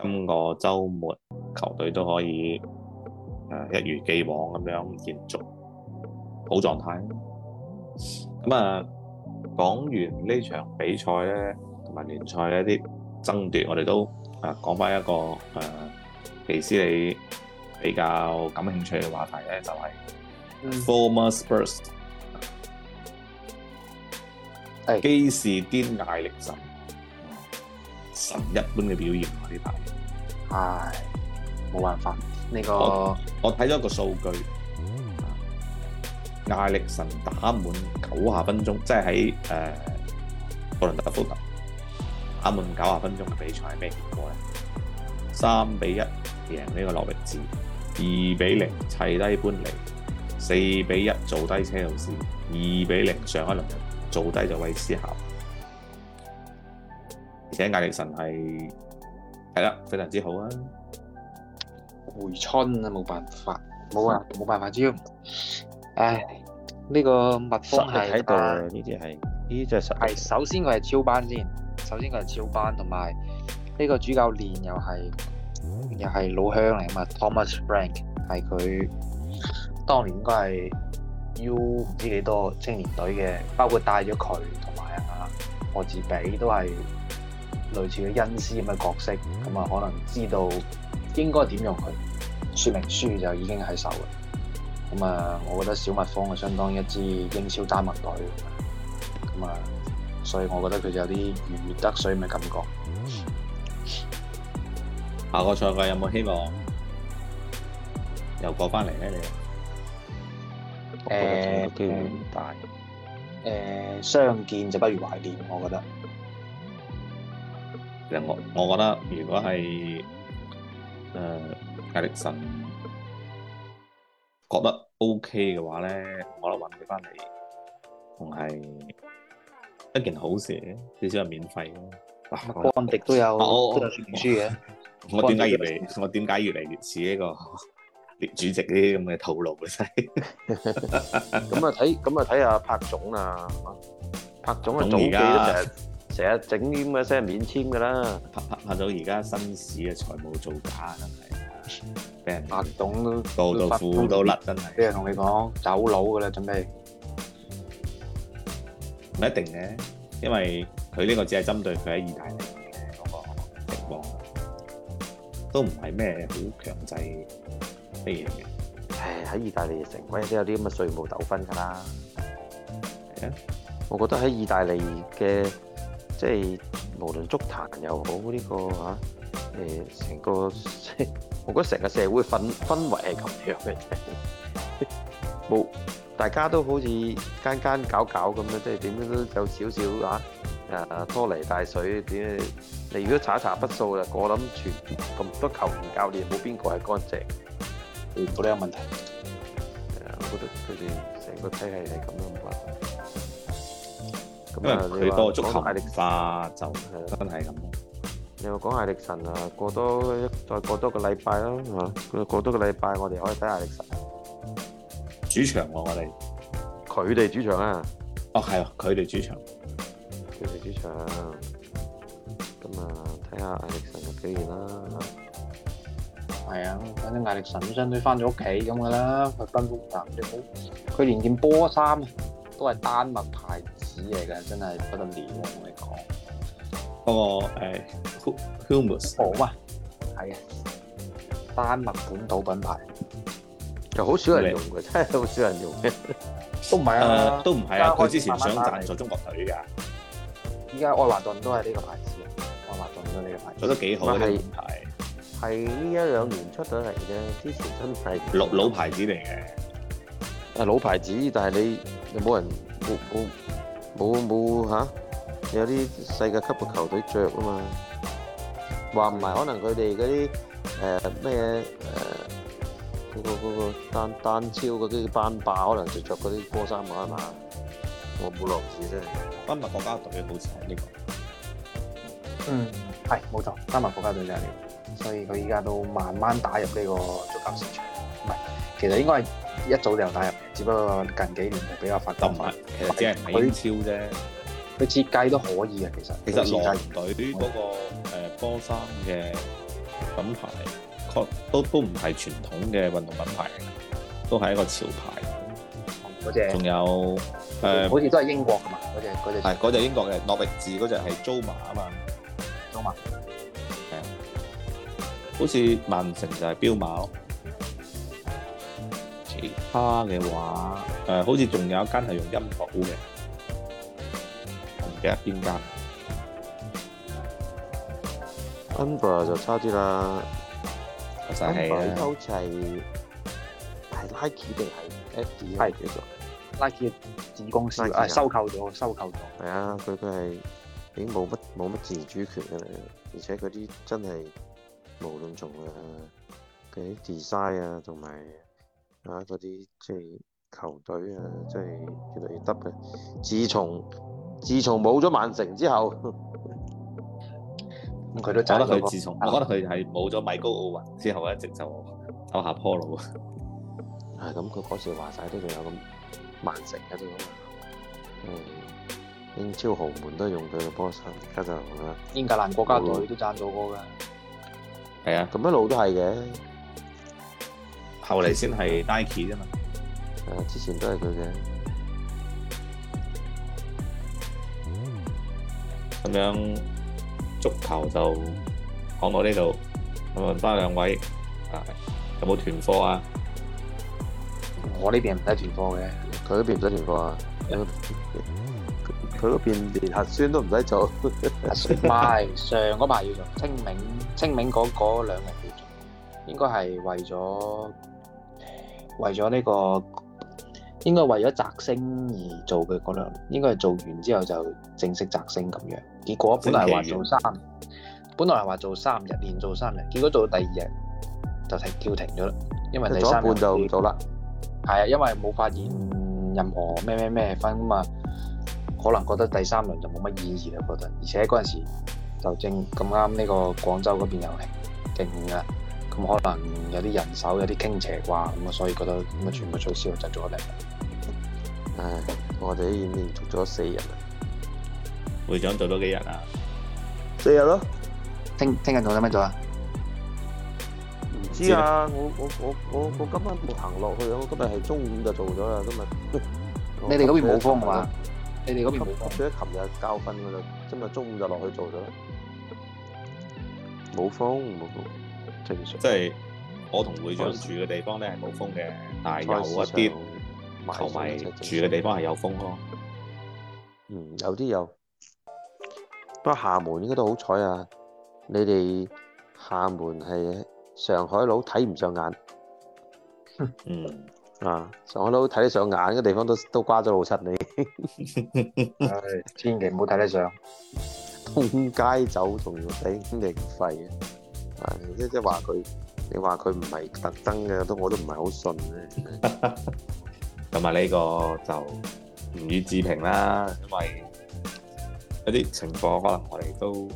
今個周末球隊都可以誒一如既往咁樣延續好狀態。咁啊，講完呢場比賽咧，同埋聯賽一啲爭奪，我哋都誒講翻一個誒，尼、呃、斯利。比較感興趣嘅話題咧，就係、是、Former Spurs 係、哎、基斯甸艾力神神一般嘅表現啊？呢排係冇辦法，呢、那個我睇咗一個數據，艾力神打滿九十分鐘，即係喺布倫特福特打滿九十分鐘嘅比賽係咩結果呢？三比一贏呢個諾域治。二比零砌低搬嚟，四比一做低車路士，二比零上一輪做低就為思考，而且艾力神係係啦，非常之好啊！回春啊，冇辦法，冇啊，冇辦法招，唉，呢、呢個蜜蜂係啊，呢啲係呢啲就係，首先佢係超班先，首先佢係超班，同埋呢個主教練又係。又係老鄉嚟啊嘛，Thomas Frank 係佢當年應該係 U 唔知幾多青年隊嘅，包括帶咗佢同埋啊何志比都係類似嘅恩師咁嘅角色，咁、嗯、啊可能知道應該點用佢，說明書就已經喺手啦，咁啊我覺得小蜜蜂就相當於一支英超丹麥隊，咁啊所以我覺得佢就有啲如魚得水嘅感覺。下個賽季有冇希望又過翻嚟咧？你？誒，機會唔大。誒、欸，相見就不如懷念，我覺得。我我覺得，如果係誒艾力森覺得 OK 嘅話咧，我諗搵你翻嚟同係一件好事，至少係免費嘅。安迪都有都、啊、有輸唔嘅。 [LAUGHS] 我點解越嚟我點解越嚟越似呢個列主席呢啲咁嘅套路嘅西？咁啊睇咁啊睇下柏總啊，柏總啊早幾都成日成日整啲咁嘅聲免籤噶啦。柏柏柏總而家新市嘅財務造假真係，柏總都富到甩，真係。俾人同你講走佬噶啦，準備唔一定嘅，因為佢呢個只係針對佢喺意大利，都唔係咩好強制咩嘢嘅，誒喺意大利嘅成日都有啲咁嘅稅務糾紛㗎啦、嗯嗯。我覺得喺意大利嘅即係無論足壇又好呢、呢個嚇誒成個，我覺得成個社會氛氛圍係咁樣嘅，冇、嗯、 [LAUGHS] 大家都好似間間搞搞咁樣，即係點樣都有少少嚇誒拖泥帶水點。你如果查一查筆數啊，我諗全咁多球員教練冇邊個係乾淨？我覺得有問題？誒、yeah，我覺得佢哋成個體系係咁樣嘅。因為佢多足球化就真係咁。有冇講艾力神啊？過多再過多一個禮拜啦嚇，過多個禮拜我哋可以睇艾力神。主場喎、啊、我哋。佢哋主場啊。哦，係啊，佢哋主場。佢哋主場、啊。艾力神嘅表現啦，係啊，反正、嗯啊、艾力神相對翻咗屋企咁噶啦，佢奔波達佢連件波衫都係丹麥牌子嚟嘅，真係不得了啊！我同你講，嗰、那個誒 Humus，好啊，係、欸那個、啊，丹麥本土品牌，就好少人用嘅，真係好少人用嘅、 [LAUGHS] 啊呃，都唔係啊，都唔係啊，佢之前想贊助中國隊㗎，依家愛華頓都係呢個牌子。這個牌子做得幾好啊！係呢一兩年出咗嚟嘅。之前真係老老牌子嚟嘅。老牌子，但係你又冇人冇冇冇冇有啲世界級嘅球隊着啊嘛。話唔係可能佢哋嗰啲誒咩誒嗰個嗰、嗰個丹、嗰個嗰個、超嗰啲班霸，可能就着嗰啲波衫。木啊嘛。嗯、我冇留意啫。今日國家隊好彩呢、這個。嗯，係冇錯，加埋國家隊材料，所以佢依家都慢慢打入呢個足球市場。唔係，其實應該係一早就有打入，只不過近幾年就比較發達。唔係，其實只係英超啫。佢設計都可以嘅，其實其實耐啲嗰個誒、呃、波衫嘅品牌，確都都唔係傳統嘅運動品牌，都係一個潮牌。嗰隻仲有誒、呃，好似都係英國嘅嘛？嗰隻嗰隻係英國嘅諾域治，嗰隻係 Joma 啊嘛。嘛，係啊，好似曼城就係彪馬咯，其他嘅話，誒，好似仲有一間係用茵寶嘅，唔記得邊間。茵寶就差啲啦，唔使氣啦。茵寶依家好似係係 Nike 定係 Adidas？Nike 嘅子公司啊，收購咗，收購咗。係啊，佢佢係。已經冇乜冇乜自主權嘅，而且嗰啲真係無論從嘅嗰啲 design 啊，同埋啊嗰啲即係球隊啊，即係越嚟越得嘅。自從自從冇咗曼城之後，咁佢都走得佢自從我覺得佢係冇咗米高奧運之後，一直就走下坡路啊。啊、哎，咁佢嗰時話晒都仲有咁曼城嗰啲啊。嗯嗯英超豪門都用佢嘅波衫，而家就英格蘭國家隊都贊助過噶，係啊，咁一路都係嘅，後嚟先係 Daikey 嘛，係、啊、之前都係佢嘅，咁、嗯、樣足球就講到呢度，咁問翻兩位，啊有冇囤貨啊？我呢邊唔使囤貨嘅，佢呢邊唔使囤貨啊。嗯佢嗰邊連核酸都唔使做，唔係上嗰排要做，清明清明嗰嗰兩日要做，應該係為咗為咗呢個，應該為咗摘星而做嘅嗰兩，應該係做完之後就正式摘星咁樣。結果本來話做三，本來係話做三日連做三日，結果做到第二日就停叫停咗啦，因為第三半就唔做啦。係啊，因為冇發現任何咩咩咩分啊嘛。可能覺得第三輪就冇乜意義啦，覺得，而且嗰陣時就正咁啱呢個廣州嗰邊又勁啦，咁可能有啲人手有啲傾斜啩，咁啊所以覺得咁啊全部取消就做得嚟，誒，我哋啲演練做咗四日啦，會長做咗幾日啊？四日咯，聽聽日仲有咩做啊？唔知啊，我我我我我今晚冇行落去，我今日係中午就做咗啦，今日、欸啊。你哋嗰邊冇風係嘛？你哋嗰邊冇風，最緊要琴日交分嗰度，今日中午就落去做咗。冇風，冇風，正常。即係我同會長住嘅地方咧係冇風嘅，但係有一啲球迷住嘅地方係有風咯。嗯，有啲有。不過廈門應該都好彩啊！你哋廈門係上海佬睇唔上眼。 [LAUGHS] 嗯。啊！上海佬睇得上眼嘅地方都都瓜咗老七，唉，千祈唔好睇得上。通街走，仲要，唉，真係廢啊！係即係話佢，你話佢唔係特登嘅，都我都唔係好信咧。同埋呢個就唔予置評啦，因為一啲情況可能我哋都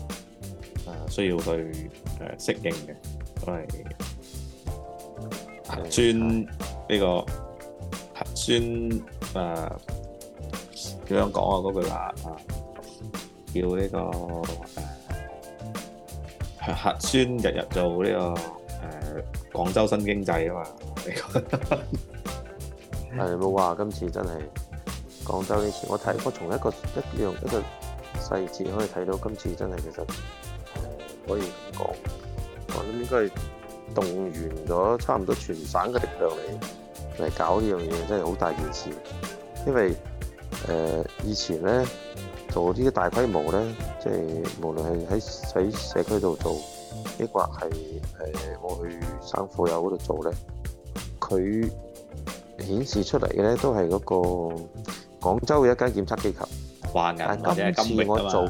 誒需要去誒適應嘅，因為轉。呢、這個核酸誒點、呃、樣講啊？嗰句話啊，叫呢、這個、呃、核酸日日做呢、這個誒、呃、廣州新經濟啊嘛！係冇話， [LAUGHS] 今次真係廣州呢次，我睇我從一個一樣一個細節可以睇到，今次真係其實、呃、可以咁講，我諗應該。動員咗差唔多全省嘅力量嚟嚟搞呢樣嘢，真係好大件事。因為誒、呃、以前咧做呢啲大規模咧，即、就、係、是、無論係喺喺社區度做，抑或係誒、呃、我去省婦幼嗰度做咧，佢顯示出嚟嘅咧都係嗰個廣州嘅一間檢測機構。哇！咁次是我做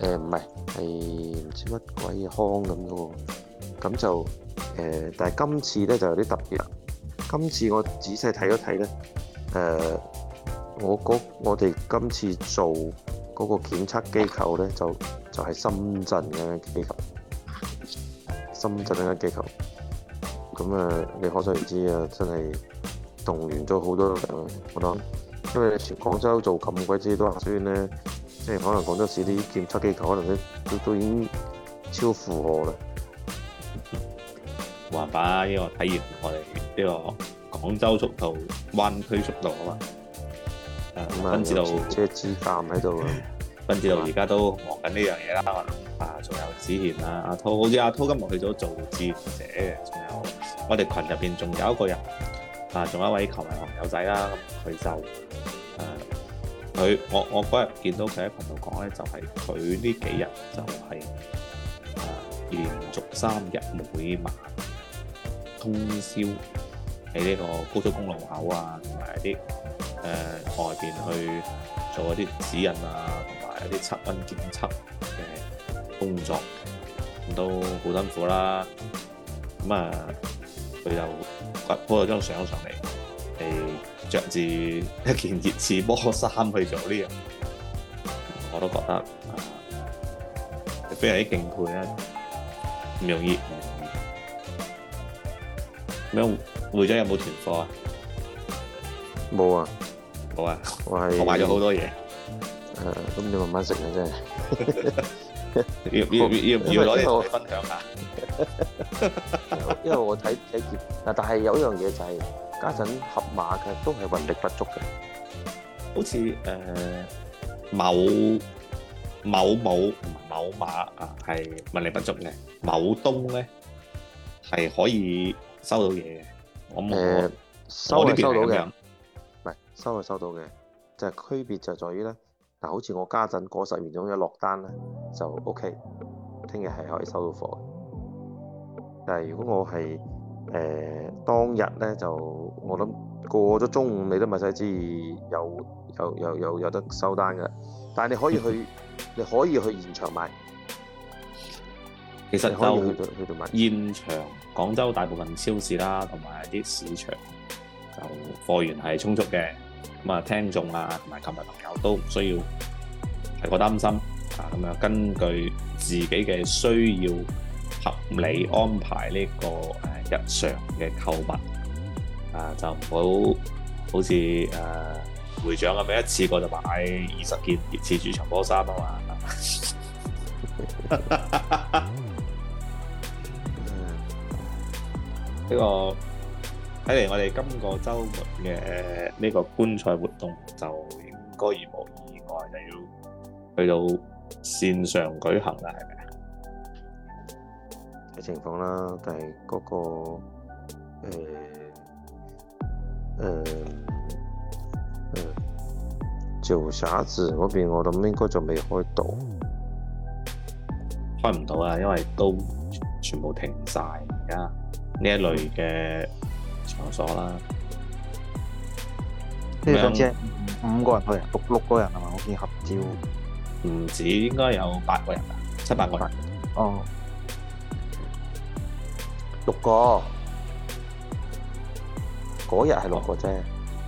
誒唔係係唔知乜鬼康咁嘅喎。咁就、呃、但係今次呢就有啲特別啦。今次我仔細睇咗睇呢，呃、我嗰我哋今次做嗰個檢測機構呢，就就係、係、深圳嘅機構，深圳嘅機構。咁啊，你可想而知啊，真係動員咗好多力量啊，我諗，因為全廣州做咁鬼多，所以呢，即係可能廣州市啲檢測機構可能都都已經超負荷啦。冇辦法，呢個體驗我哋呢個廣州速度、灣區速度啊嘛。誒、嗯，斌志道車之站喺度啊！斌志道而家都忙緊呢樣嘢啦。啊，仲有子賢啊，阿濤、啊，好似阿濤今日去咗做志願者嘅。仲有我哋群入邊仲有一個人啊，仲有一位球迷、朋友仔啦。咁、啊、佢就誒、是，佢、啊、我我嗰日見到佢喺群度講咧，就係佢呢幾日就係、是。連續三日每晚通宵喺呢個高速公路口啊，同埋一啲、呃、外邊去做一啲指引啊，同埋一啲測温檢測嘅工作，都好辛苦啦。咁啊，佢、呃、就擺咗張相上嚟，係着住一件熱刺波衫去做呢樣，我都覺得、呃、非常之敬佩啊！唔容易。咩？會長有冇囤貨啊？冇啊，冇啊，我買咗好多嘢。誒，咁你慢慢食啊，真係。要要要要攞啲嘢我分享下。因為我睇睇結嗱，但係有一樣嘢就係家陣盒馬嘅都係運力不足嘅，好似誒冇。某某同埋某馬啊，係物力不足嘅。某東咧係可以收到嘢嘅，我冇、呃、收收到嘅，唔係收係收到嘅，就係、是、區別就在於咧。嗱，好似我家陣過十二點鐘一落單咧就 O K，聽日係可以收到貨嘅。但係如果我係誒、呃、當日咧就我諗過咗中午你都咪使至有有有有有得收單嘅。但你可以去， [LAUGHS] 你可以去現場買。其實就你可以去到去到買現場，廣州大部分超市啦，同埋啲市場就貨源係充足嘅。咁啊，聽眾啊，同埋琴日朋友都唔需要太過擔心啊。咁啊，根據自己嘅需要合理安排呢、呢個誒、啊、日常嘅購物啊，就唔好好似誒。啊會長咁樣一次過就買二十件，熱刺主場波衫啊嘛！呢、 [LAUGHS] [LAUGHS] 嗯嗯，這個睇嚟，看來我哋今個周末嘅呢個觀賽活動就應該如無意外就要去到線上舉行啦，係咪啊？睇情況啦，但係嗰，那個誒誒。嗯嗯趙沙子嗰邊，我諗應該仲未開到，開唔到啊，因為都全部停晒而家呢一類嘅場所啦。呢張車五五個人去啊，六六個人係嘛？我見合照唔止，應該有八個人，七八個人個。哦，六個，嗰日係六個啫。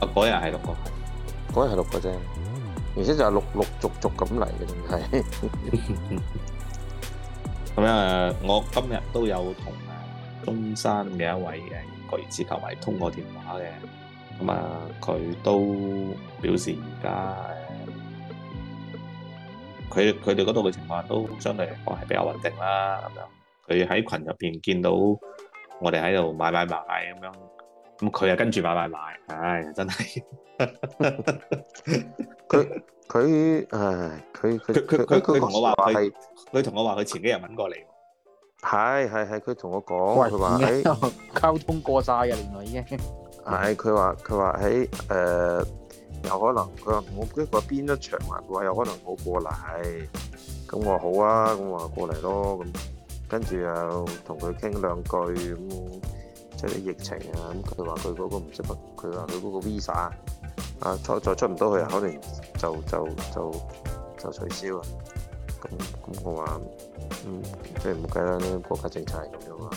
啊，嗰日係六個，嗰日係六個啫。而且就係陸陸續續咁嚟嘅，仲係咁樣。我今日都有同中山嘅一位嘅個業主客戶係通過電話嘅。咁啊，佢都表示而家誒，佢佢哋嗰度嘅情況都相對嚟講係比較穩定啦。咁樣佢喺群入邊見到我哋喺度買買賣咁樣，咁佢又跟住買買賣，唉、哎，真係。 [LAUGHS] 佢佢誒，佢佢佢佢佢同我話佢，佢同我話佢前幾日問過你，係係係，佢同我講，佢話喺溝通過晒嘅，原來已經係佢話佢話喺誒，有可能佢話我邊個邊一場話，有可能我過嚟。咁我話好啊，咁話過嚟咯，咁跟住又同佢傾兩句，咁即係疫情啊，咁佢話佢嗰個唔識得，佢話佢嗰個 visa。啊！再再出唔到去，可能就就就就，就取消啊！咁咁我話，嗯，即係唔好計啦，呢個國家政策係咁樣啊！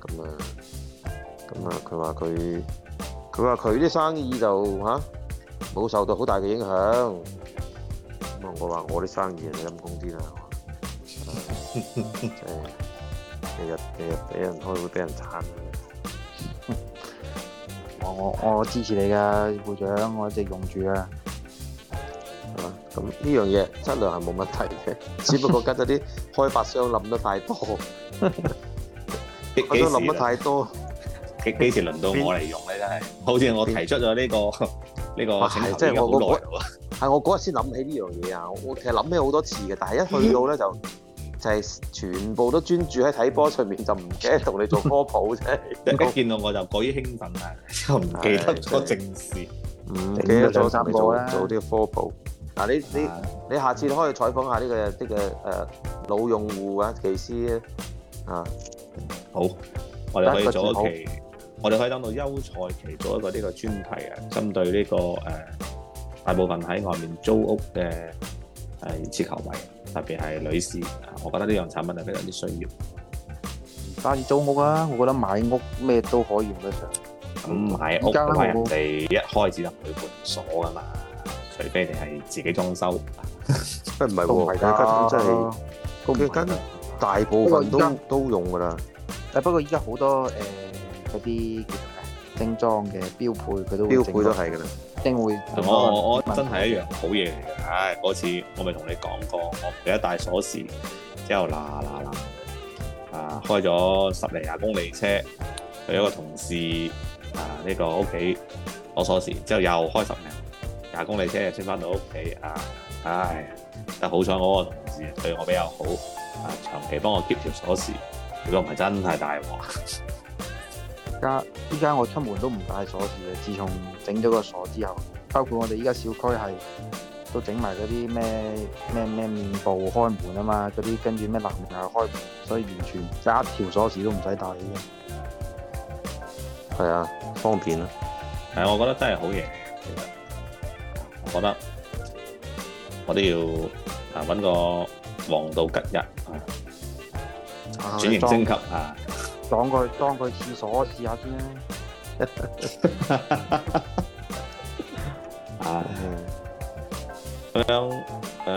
咁啊，咁、嗯、啊，佢話佢，佢話佢啲生意就吓冇、啊、受到好大嘅影響。咁啊，我話我啲生意就陰公啲啦，嗯、即日日俾人開會，俾人撐。我我支持你噶，會長，我一直用住啊，係嘛？咁呢樣嘢質量係冇問題嘅，只不過跟咗啲開發商諗得太多。 [LAUGHS] 我都想諗得太多。幾幾時輪到我嚟用咧？真係，好似我提出咗呢、這個呢、這個請求已經好耐咗啦。係我嗰日先諗起呢樣嘢啊，我其實諗起好多次嘅，但係一去到咧就。Yeah. 就係全部都專注喺睇波上面，就唔記得同你做科普啫。一見到我就過於興奮喇！就唔記得咗正事，唔記得咗做做啲科普。嗱，你你你下次可以採訪下呢個呢個誒老用戶啊，技師啊。啊，好！我哋可以做一期，我哋可以等到休賽期做一個呢個專題啊，針對呢個誒大部分喺外面租屋嘅誒籃球迷。特別係女士，我覺得呢樣產品係非常之需要。唔單止租屋啊，我覺得買屋咩都可以用得上。咁、嗯、買屋因為人哋一開始就唔會盤鎖噶嘛，除非你係自己裝修。唔係唔係唔係。都唔係㗎，即係，其實大部分都都用㗎啦。誒不過依家好多誒嗰啲精裝嘅標配，佢都標配都係㗎啦。定會很的我，我我真係一樣好嘢嚟嘅。唉、哎，嗰次我咪同你講過，我唔記得帶鎖匙之後嗱嗱嗱啊，啊，啊開咗十嚟廿公里車，去一個同事啊呢、這個屋企攞鎖匙，之後又開十零廿公里車先翻到屋企。啊，唉、哎，但好彩我個同事對我比較好，啊長期幫我 keep 條鎖匙。如果唔係真係大鑊。依家依家我出門都唔帶鎖匙嘅，自從。整咗個鎖之後，包括我哋依家小區係都整埋嗰啲咩咩咩面部開門啊嘛，嗰啲跟住咩藍牙開門，所以完全一條鎖匙都唔使帶嘅，係啊，方便啊。係啊，我覺得真係好嘢，我覺得我都要啊搵個黃道吉日啊，轉型升級裝啊，裝佢裝佢廁所試下先啦。哈哈哈哈哈！啊，咁樣誒，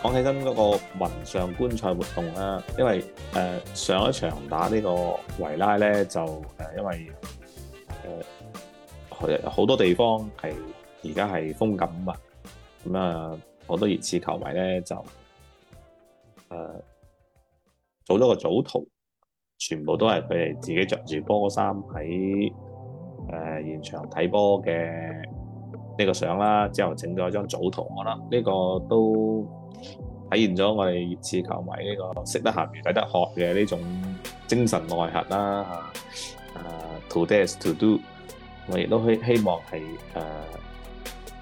講、呃、起身嗰個雲上觀賽活動啦，因為誒、呃、上一場打個呢個維拉咧，就誒、呃、因為誒好、呃、多地方係而家係封緊嘛，咁啊好多熱刺球迷咧就誒、呃、做咗個組圖。全部都係佢哋自己着住波衫喺誒現場睇波嘅呢個相啦，之後整咗一張組圖。我覺得呢個都體現咗我哋熱刺球迷呢個食得鹹魚抵得渴嘅呢種精神內核啦。誒、啊、Today is to do，我亦都希希望係誒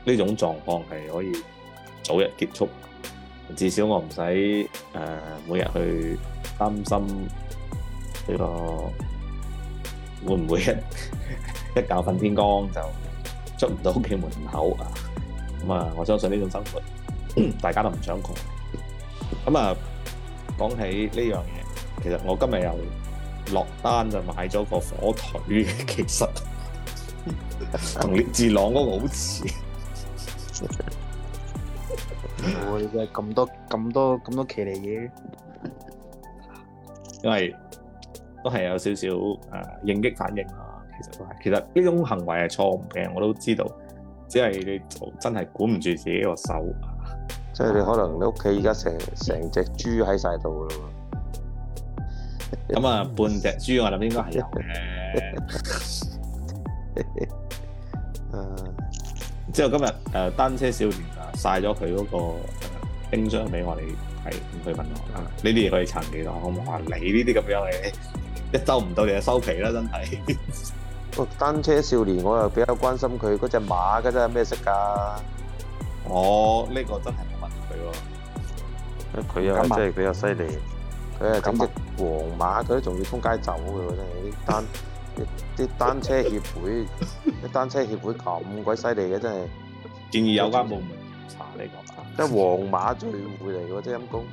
呢種狀況係可以早日結束，至少我唔使誒每日去擔心。呢、這個會唔會一一覺瞓天光就出唔到屋企門口啊？咁啊，我相信呢種生活 [COUGHS] 大家都唔想過。咁啊，講起呢樣嘢，其實我今日又落單就買咗個火腿，其實同列治朗嗰個好似。唔會嘅咁多咁多咁多奇離嘢，因為。都係有少少誒、呃、應激反應啊。其實都係。其實呢種行為係錯誤嘅，我都知道。只係你真係管唔住自己個手，啊、即係你可能你屋企而家成成、嗯、隻豬喺晒度嘅喎。咁、嗯、啊、嗯嗯，半隻豬我諗應該係有嘅。誒，之後今日誒、呃、單車少年啊晒咗佢嗰個冰箱俾我哋睇，咁佢問我：呢啲可以撐幾多？可唔可以理呢啲咁樣嘅？ [LAUGHS] 一周唔到你就收皮啦，真係！哦，單車少年我又比較關心佢嗰隻馬噶真係咩色噶？我呢個真係冇問佢喎。佢又真係比較犀利，佢係整隻黃馬，佢都仲要通街走嘅真係啲單，啲單車協會，啲單車協會咁鬼犀利嘅真係，建議有關部門查呢個。即係黃馬最會嚟嘅真陰公。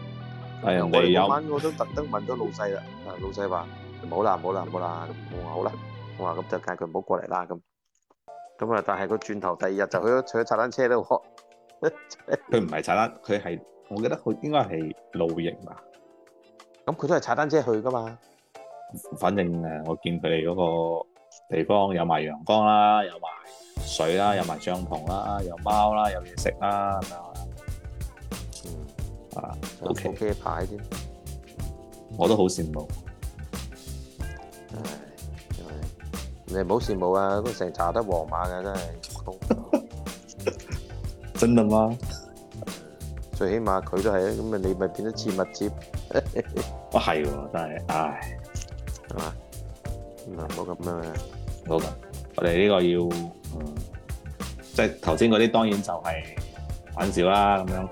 係啊，我哋有晚我都特登問咗老細啦，啊老細話。冇啦冇啦冇啦，我話好啦，我話咁就叫佢唔好過嚟啦咁。咁啊，但係佢轉頭第二日就去咗坐踩單車度，佢唔係踩單車，佢係，我覺得佢應該係露營吧。咁佢都係踩單車去噶嘛？反正啊，我見佢哋嗰個地方有埋陽光啦，有埋水啦，有埋帳篷啦，有貓啦，有嘢食啦咁樣。啊，O K。車牌添。Okay. 我都好羨慕。唉，你唔好羨慕啊！嗰成查得皇馬嘅真係，真嘅 [LAUGHS] 嗎？最起碼佢都係咁，你咪變得似密接，唔係喎，真係唉，係嘛？唔好咁啦，唔好咁。我哋呢個要，即係頭先嗰啲當然就係玩笑啦，咁樣。誒、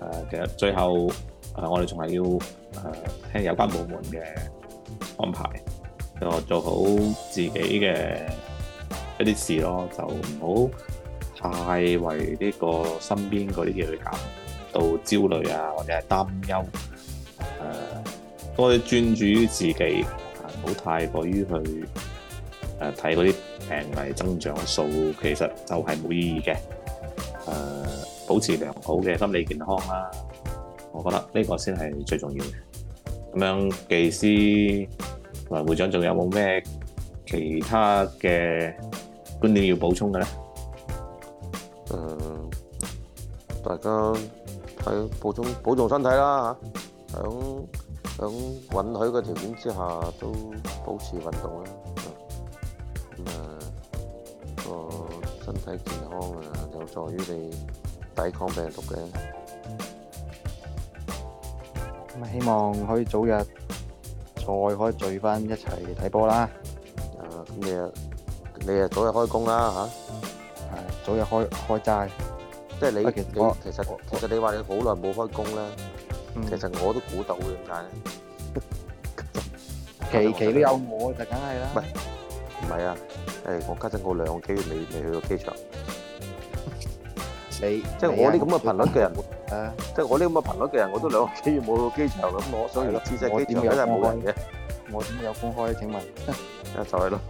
呃，其實最後誒、呃，我哋仲係要誒、呃、聽有關部門嘅安排。我做好自己嘅一啲事咯，就唔好太為呢個身邊嗰啲嘢去搞到焦慮啊，或者係擔憂。誒、呃，多啲專注於自己，唔好、啊，太過於去誒睇嗰啲病例增長數，其實就係冇意義嘅。誒、呃，保持良好嘅心理健康啦、啊，我覺得呢個先係最重要嘅。咁樣，技師。啊，會長，仲有冇咩其他嘅觀點要補充嘅呢？嗯，大家喺補充保重身體啦嚇，響響允許嘅條件之下都保持運動啦。咁啊，個身體健康啊，有助於你抵抗病毒嘅。咁啊，希望可以早日，再可以聚翻一齊睇波啦！咁你啊，你啊，早日開工啦嚇，係早日開開齋。即係你，我其實其實你話你好耐冇開工啦，其實我都估到嘅，點解咧？期期都有我就梗係啦。唔係啊，誒，我家陣過兩個機，未未去過機場。你即係我呢咁嘅頻率嘅人，即係我呢咁嘅頻率嘅人，我都兩個幾月冇去機場咁，我所以次次機場咧都係冇人嘅。我點有公開？請問一，就係咯。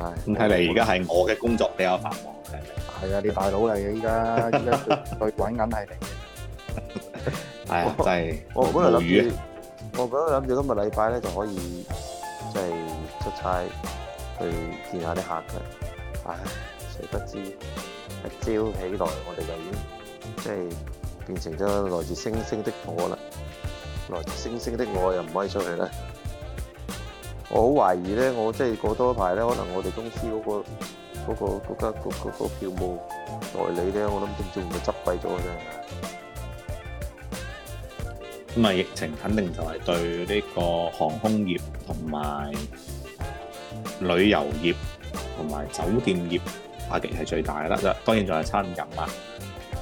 唉，睇嚟而家係我嘅工作比較繁忙。係啊，你大佬嚟嘅，依家依家去揾銀係嚟。係啊，就係。我本來諗住，我覺得諗住今個禮拜咧就可以，即係出差去見下啲客人。唉，誰不知一朝起來，我哋就已經。即係變成咗來自星星的我啦，來自星星的我又唔可以出去啦。我好懷疑咧，我即係過多排咧，可能我哋公司嗰個嗰個國家嗰嗰個票務代理咧，我諗仲做唔做執閉咗嘅？咁啊，疫情肯定就係對呢個航空業同埋旅遊業同埋酒店業打擊係最大啦。當然仲係餐飲啊。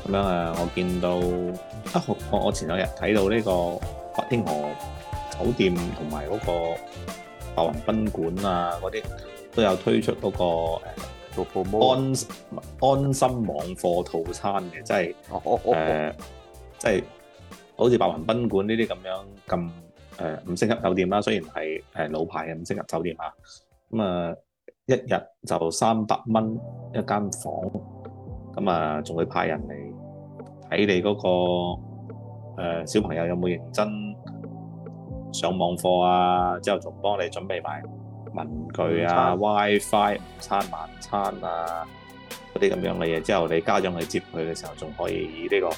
咁啊！我見到啊，我我前兩日睇到呢個，個白天鵝酒店同埋嗰個白雲賓館啊那些，嗰啲都有推出嗰個安 [MUSIC] 安，心安心網課套餐嘅，即係誒即係好似白雲賓館呢啲咁樣咁誒五星級酒店啦，雖然係誒老牌嘅五星級酒店啊，咁啊一日就三百蚊一間房，咁啊仲會派人嚟。睇你嗰個，誒，小朋友有冇認真上網課啊？之後仲幫你準備埋文具啊、WiFi 午餐、晚餐啊嗰啲咁樣嘅嘢。之後你家長去接佢嘅時候，仲可以以呢個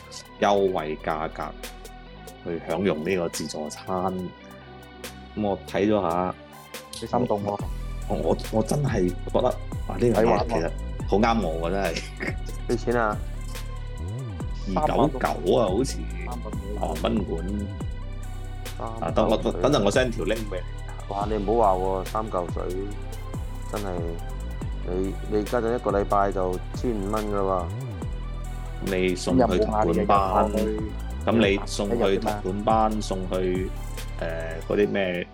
優惠價格去享用呢個自助餐。咁我睇咗下，你心動喎，啊！我我,我，我真係覺得哇！呢樣嘢其實好啱我喎，真係。幾錢啊？二九九啊，好似哦賓館。啊，等我等陣，我 send 條 link 俾你。哇！你唔好話喎，三嚿水真係你你加咗一個禮拜就千五蚊㗎啦喎。你送去托管班，咁、啊、你送去托管班，送去誒嗰啲咩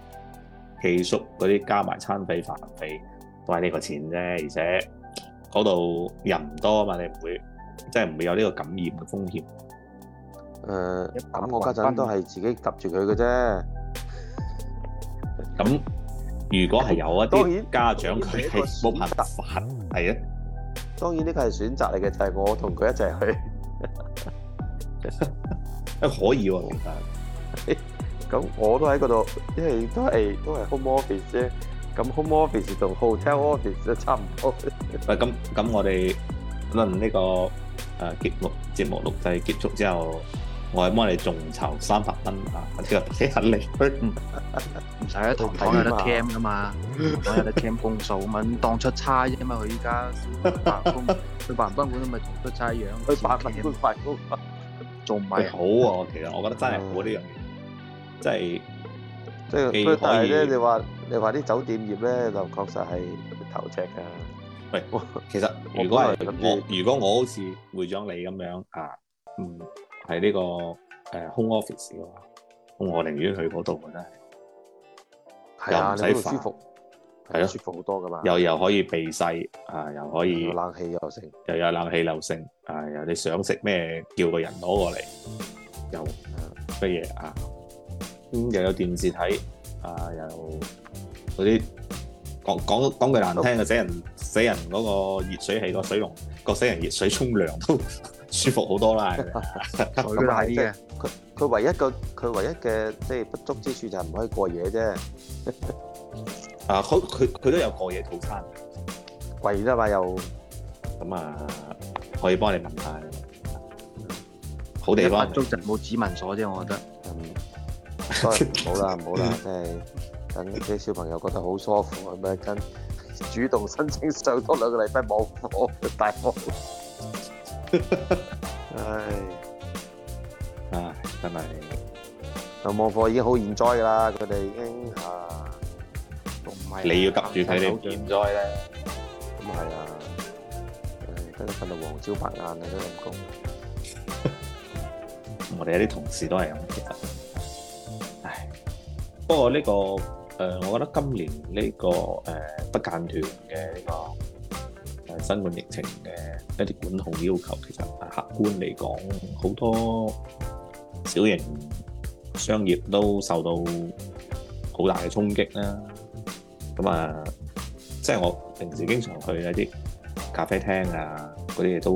寄宿嗰啲加埋餐費飯費都係呢個錢啫，而且嗰度人多啊嘛，你唔會。即係唔會有呢個感染嘅風險。誒，咁我家陣都係自己揼住佢嘅啫。咁如果係有一啲家長佢係冇辦法，係啊。當然呢個係選擇嚟嘅，就係我同佢一齊去。誒，可以喎，咁我都喺嗰度，因為都係都係 home office 啫。咁 home office 同 hotel office 都差唔多。誒，咁咁我哋論呢個。誒節目節目錄製結束之後，我係幫你仲籌三百蚊啊！呢個大吸引力，唔使同睇啲 cam 噶嘛，睇啲 cam 供數啊嘛，當出差啫嘛，佢依家辦公，佢辦賓館咪同出差樣，佢辦賓館辦賓館，仲唔係好啊？其實我覺得真係好呢樣嘢，即係即係，但係咧你話你話啲酒店業咧就確實係頭赤㗎！其實如果係我是如果，如果我好似會長你咁樣啊，唔喺呢個誒 home office 嘅話，我寧願去嗰度咧。係、啊、又唔使服，係咯、啊，舒服好多噶嘛。又又可以避世啊，又可以又冷氣又聲，又有冷氣流聲啊，又你想食咩叫個人攞過嚟，又乜嘢啊？咁又有電視睇啊，又嗰啲。講講講句難聽嘅，死人死人嗰個熱水器個水龍個死人熱水沖涼都舒服好多啦，咁係佢佢唯一嘅佢唯一嘅即係不足之處就係唔可以過夜啫。 [LAUGHS] 啊，佢佢佢都有過夜套餐的，貴啦嘛又。咁啊，可以幫你問下。好地方。一不足就冇指紋鎖啫，我覺得。唔， [LAUGHS] 唔好啦，唔好啦，即 [LAUGHS] 係、就是。等啲小朋友覺得好舒服，咁樣跟主動申請上多兩個禮拜網課，大課。唉，唉，真係，個網課已經好延災㗎啦，佢哋已經啊，都唔係你要揼住佢哋延災咧。咁係啊，誒，今日瞓到黃朝白晏啊，都咁講。我哋有啲同事都係咁，其實，唉，不過呢個。誒，我覺得今年呢個誒不間斷嘅呢個誒新冠疫情嘅一啲管控要求，其實客觀嚟講，好多小型商業都受到好大嘅衝擊啦。咁啊，即係我平時經常去一啲咖啡廳啊，嗰啲嘢都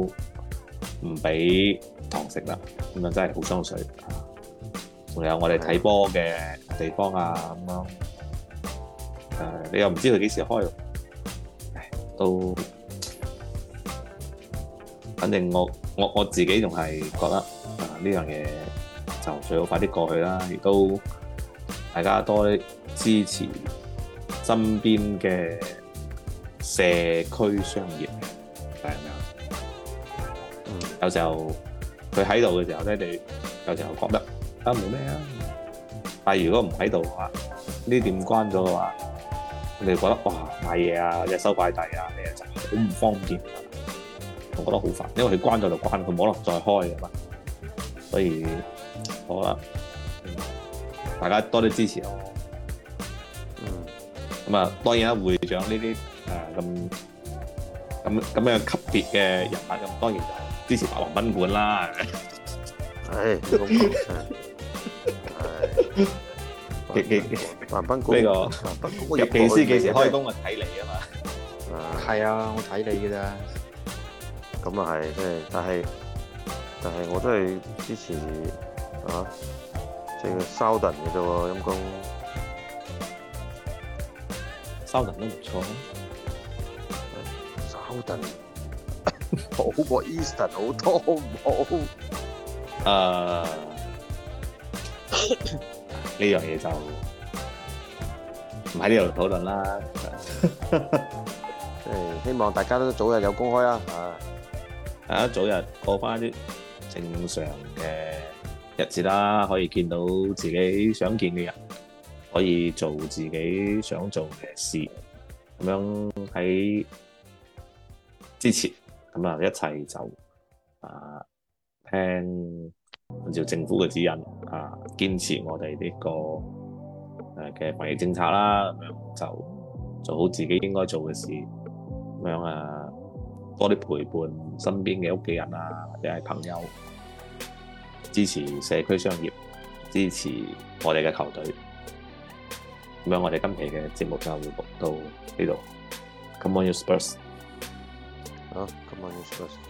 唔俾堂食啦，咁樣真係好傷水。仲有我哋睇波嘅地方啊，咁樣。你又唔知佢幾時開喎，都，反正我我我自己仲係覺得誒呢、啊、樣嘢就最好快啲過去啦。亦都大家多支持身邊嘅社區商業，係咪啊？有時候佢喺度嘅時候咧，你有時候覺得啊冇咩啊，但係如果唔喺度嘅話，呢店關咗嘅話。你哋覺得哇買嘢啊，又收快遞啊，真係好唔方便，啊，我覺得好煩，因為佢關咗就關，佢冇可能再開噶嘛，所以好啦，大家多啲支持我，嗯，咁啊，當然啦，啊，會長呢啲誒咁咁咁嘅級別嘅人物咁，當然就支持白雲賓館啦，幾幾南濱工啊！入、 [LAUGHS] 這個、其是幾時開工啊？睇你啊嘛，係啊，啊，我睇你噶咋？咁、嗯、啊，係即係，但係但係，我都係支持啊，即係 Southern 嘅啫喎，陰公 Southern 都唔錯 Southern 好過 [LAUGHS] Eastern 好多好唔好？啊！ [LAUGHS] 呢樣嘢就唔喺呢度討論啦。即係 [LAUGHS] 希望大家都早日有公開啦，啊，大家早日過翻啲正常嘅日子啦，可以見到自己想見嘅人，可以做自己想做嘅事，咁樣喺之前，咁啊一齊就啊盼～按照政府嘅指引啊，堅持我哋呢、這個、啊、的防疫政策啦，就做好自己應該做嘅事咁樣啊，多啲陪伴身邊嘅屋企人啊，或者係朋友，支持社區商業，支持我哋嘅球隊。咁樣我哋今期嘅節目就會到呢度。Come on，your Spurs！啊、ah,，Come on，your Spurs！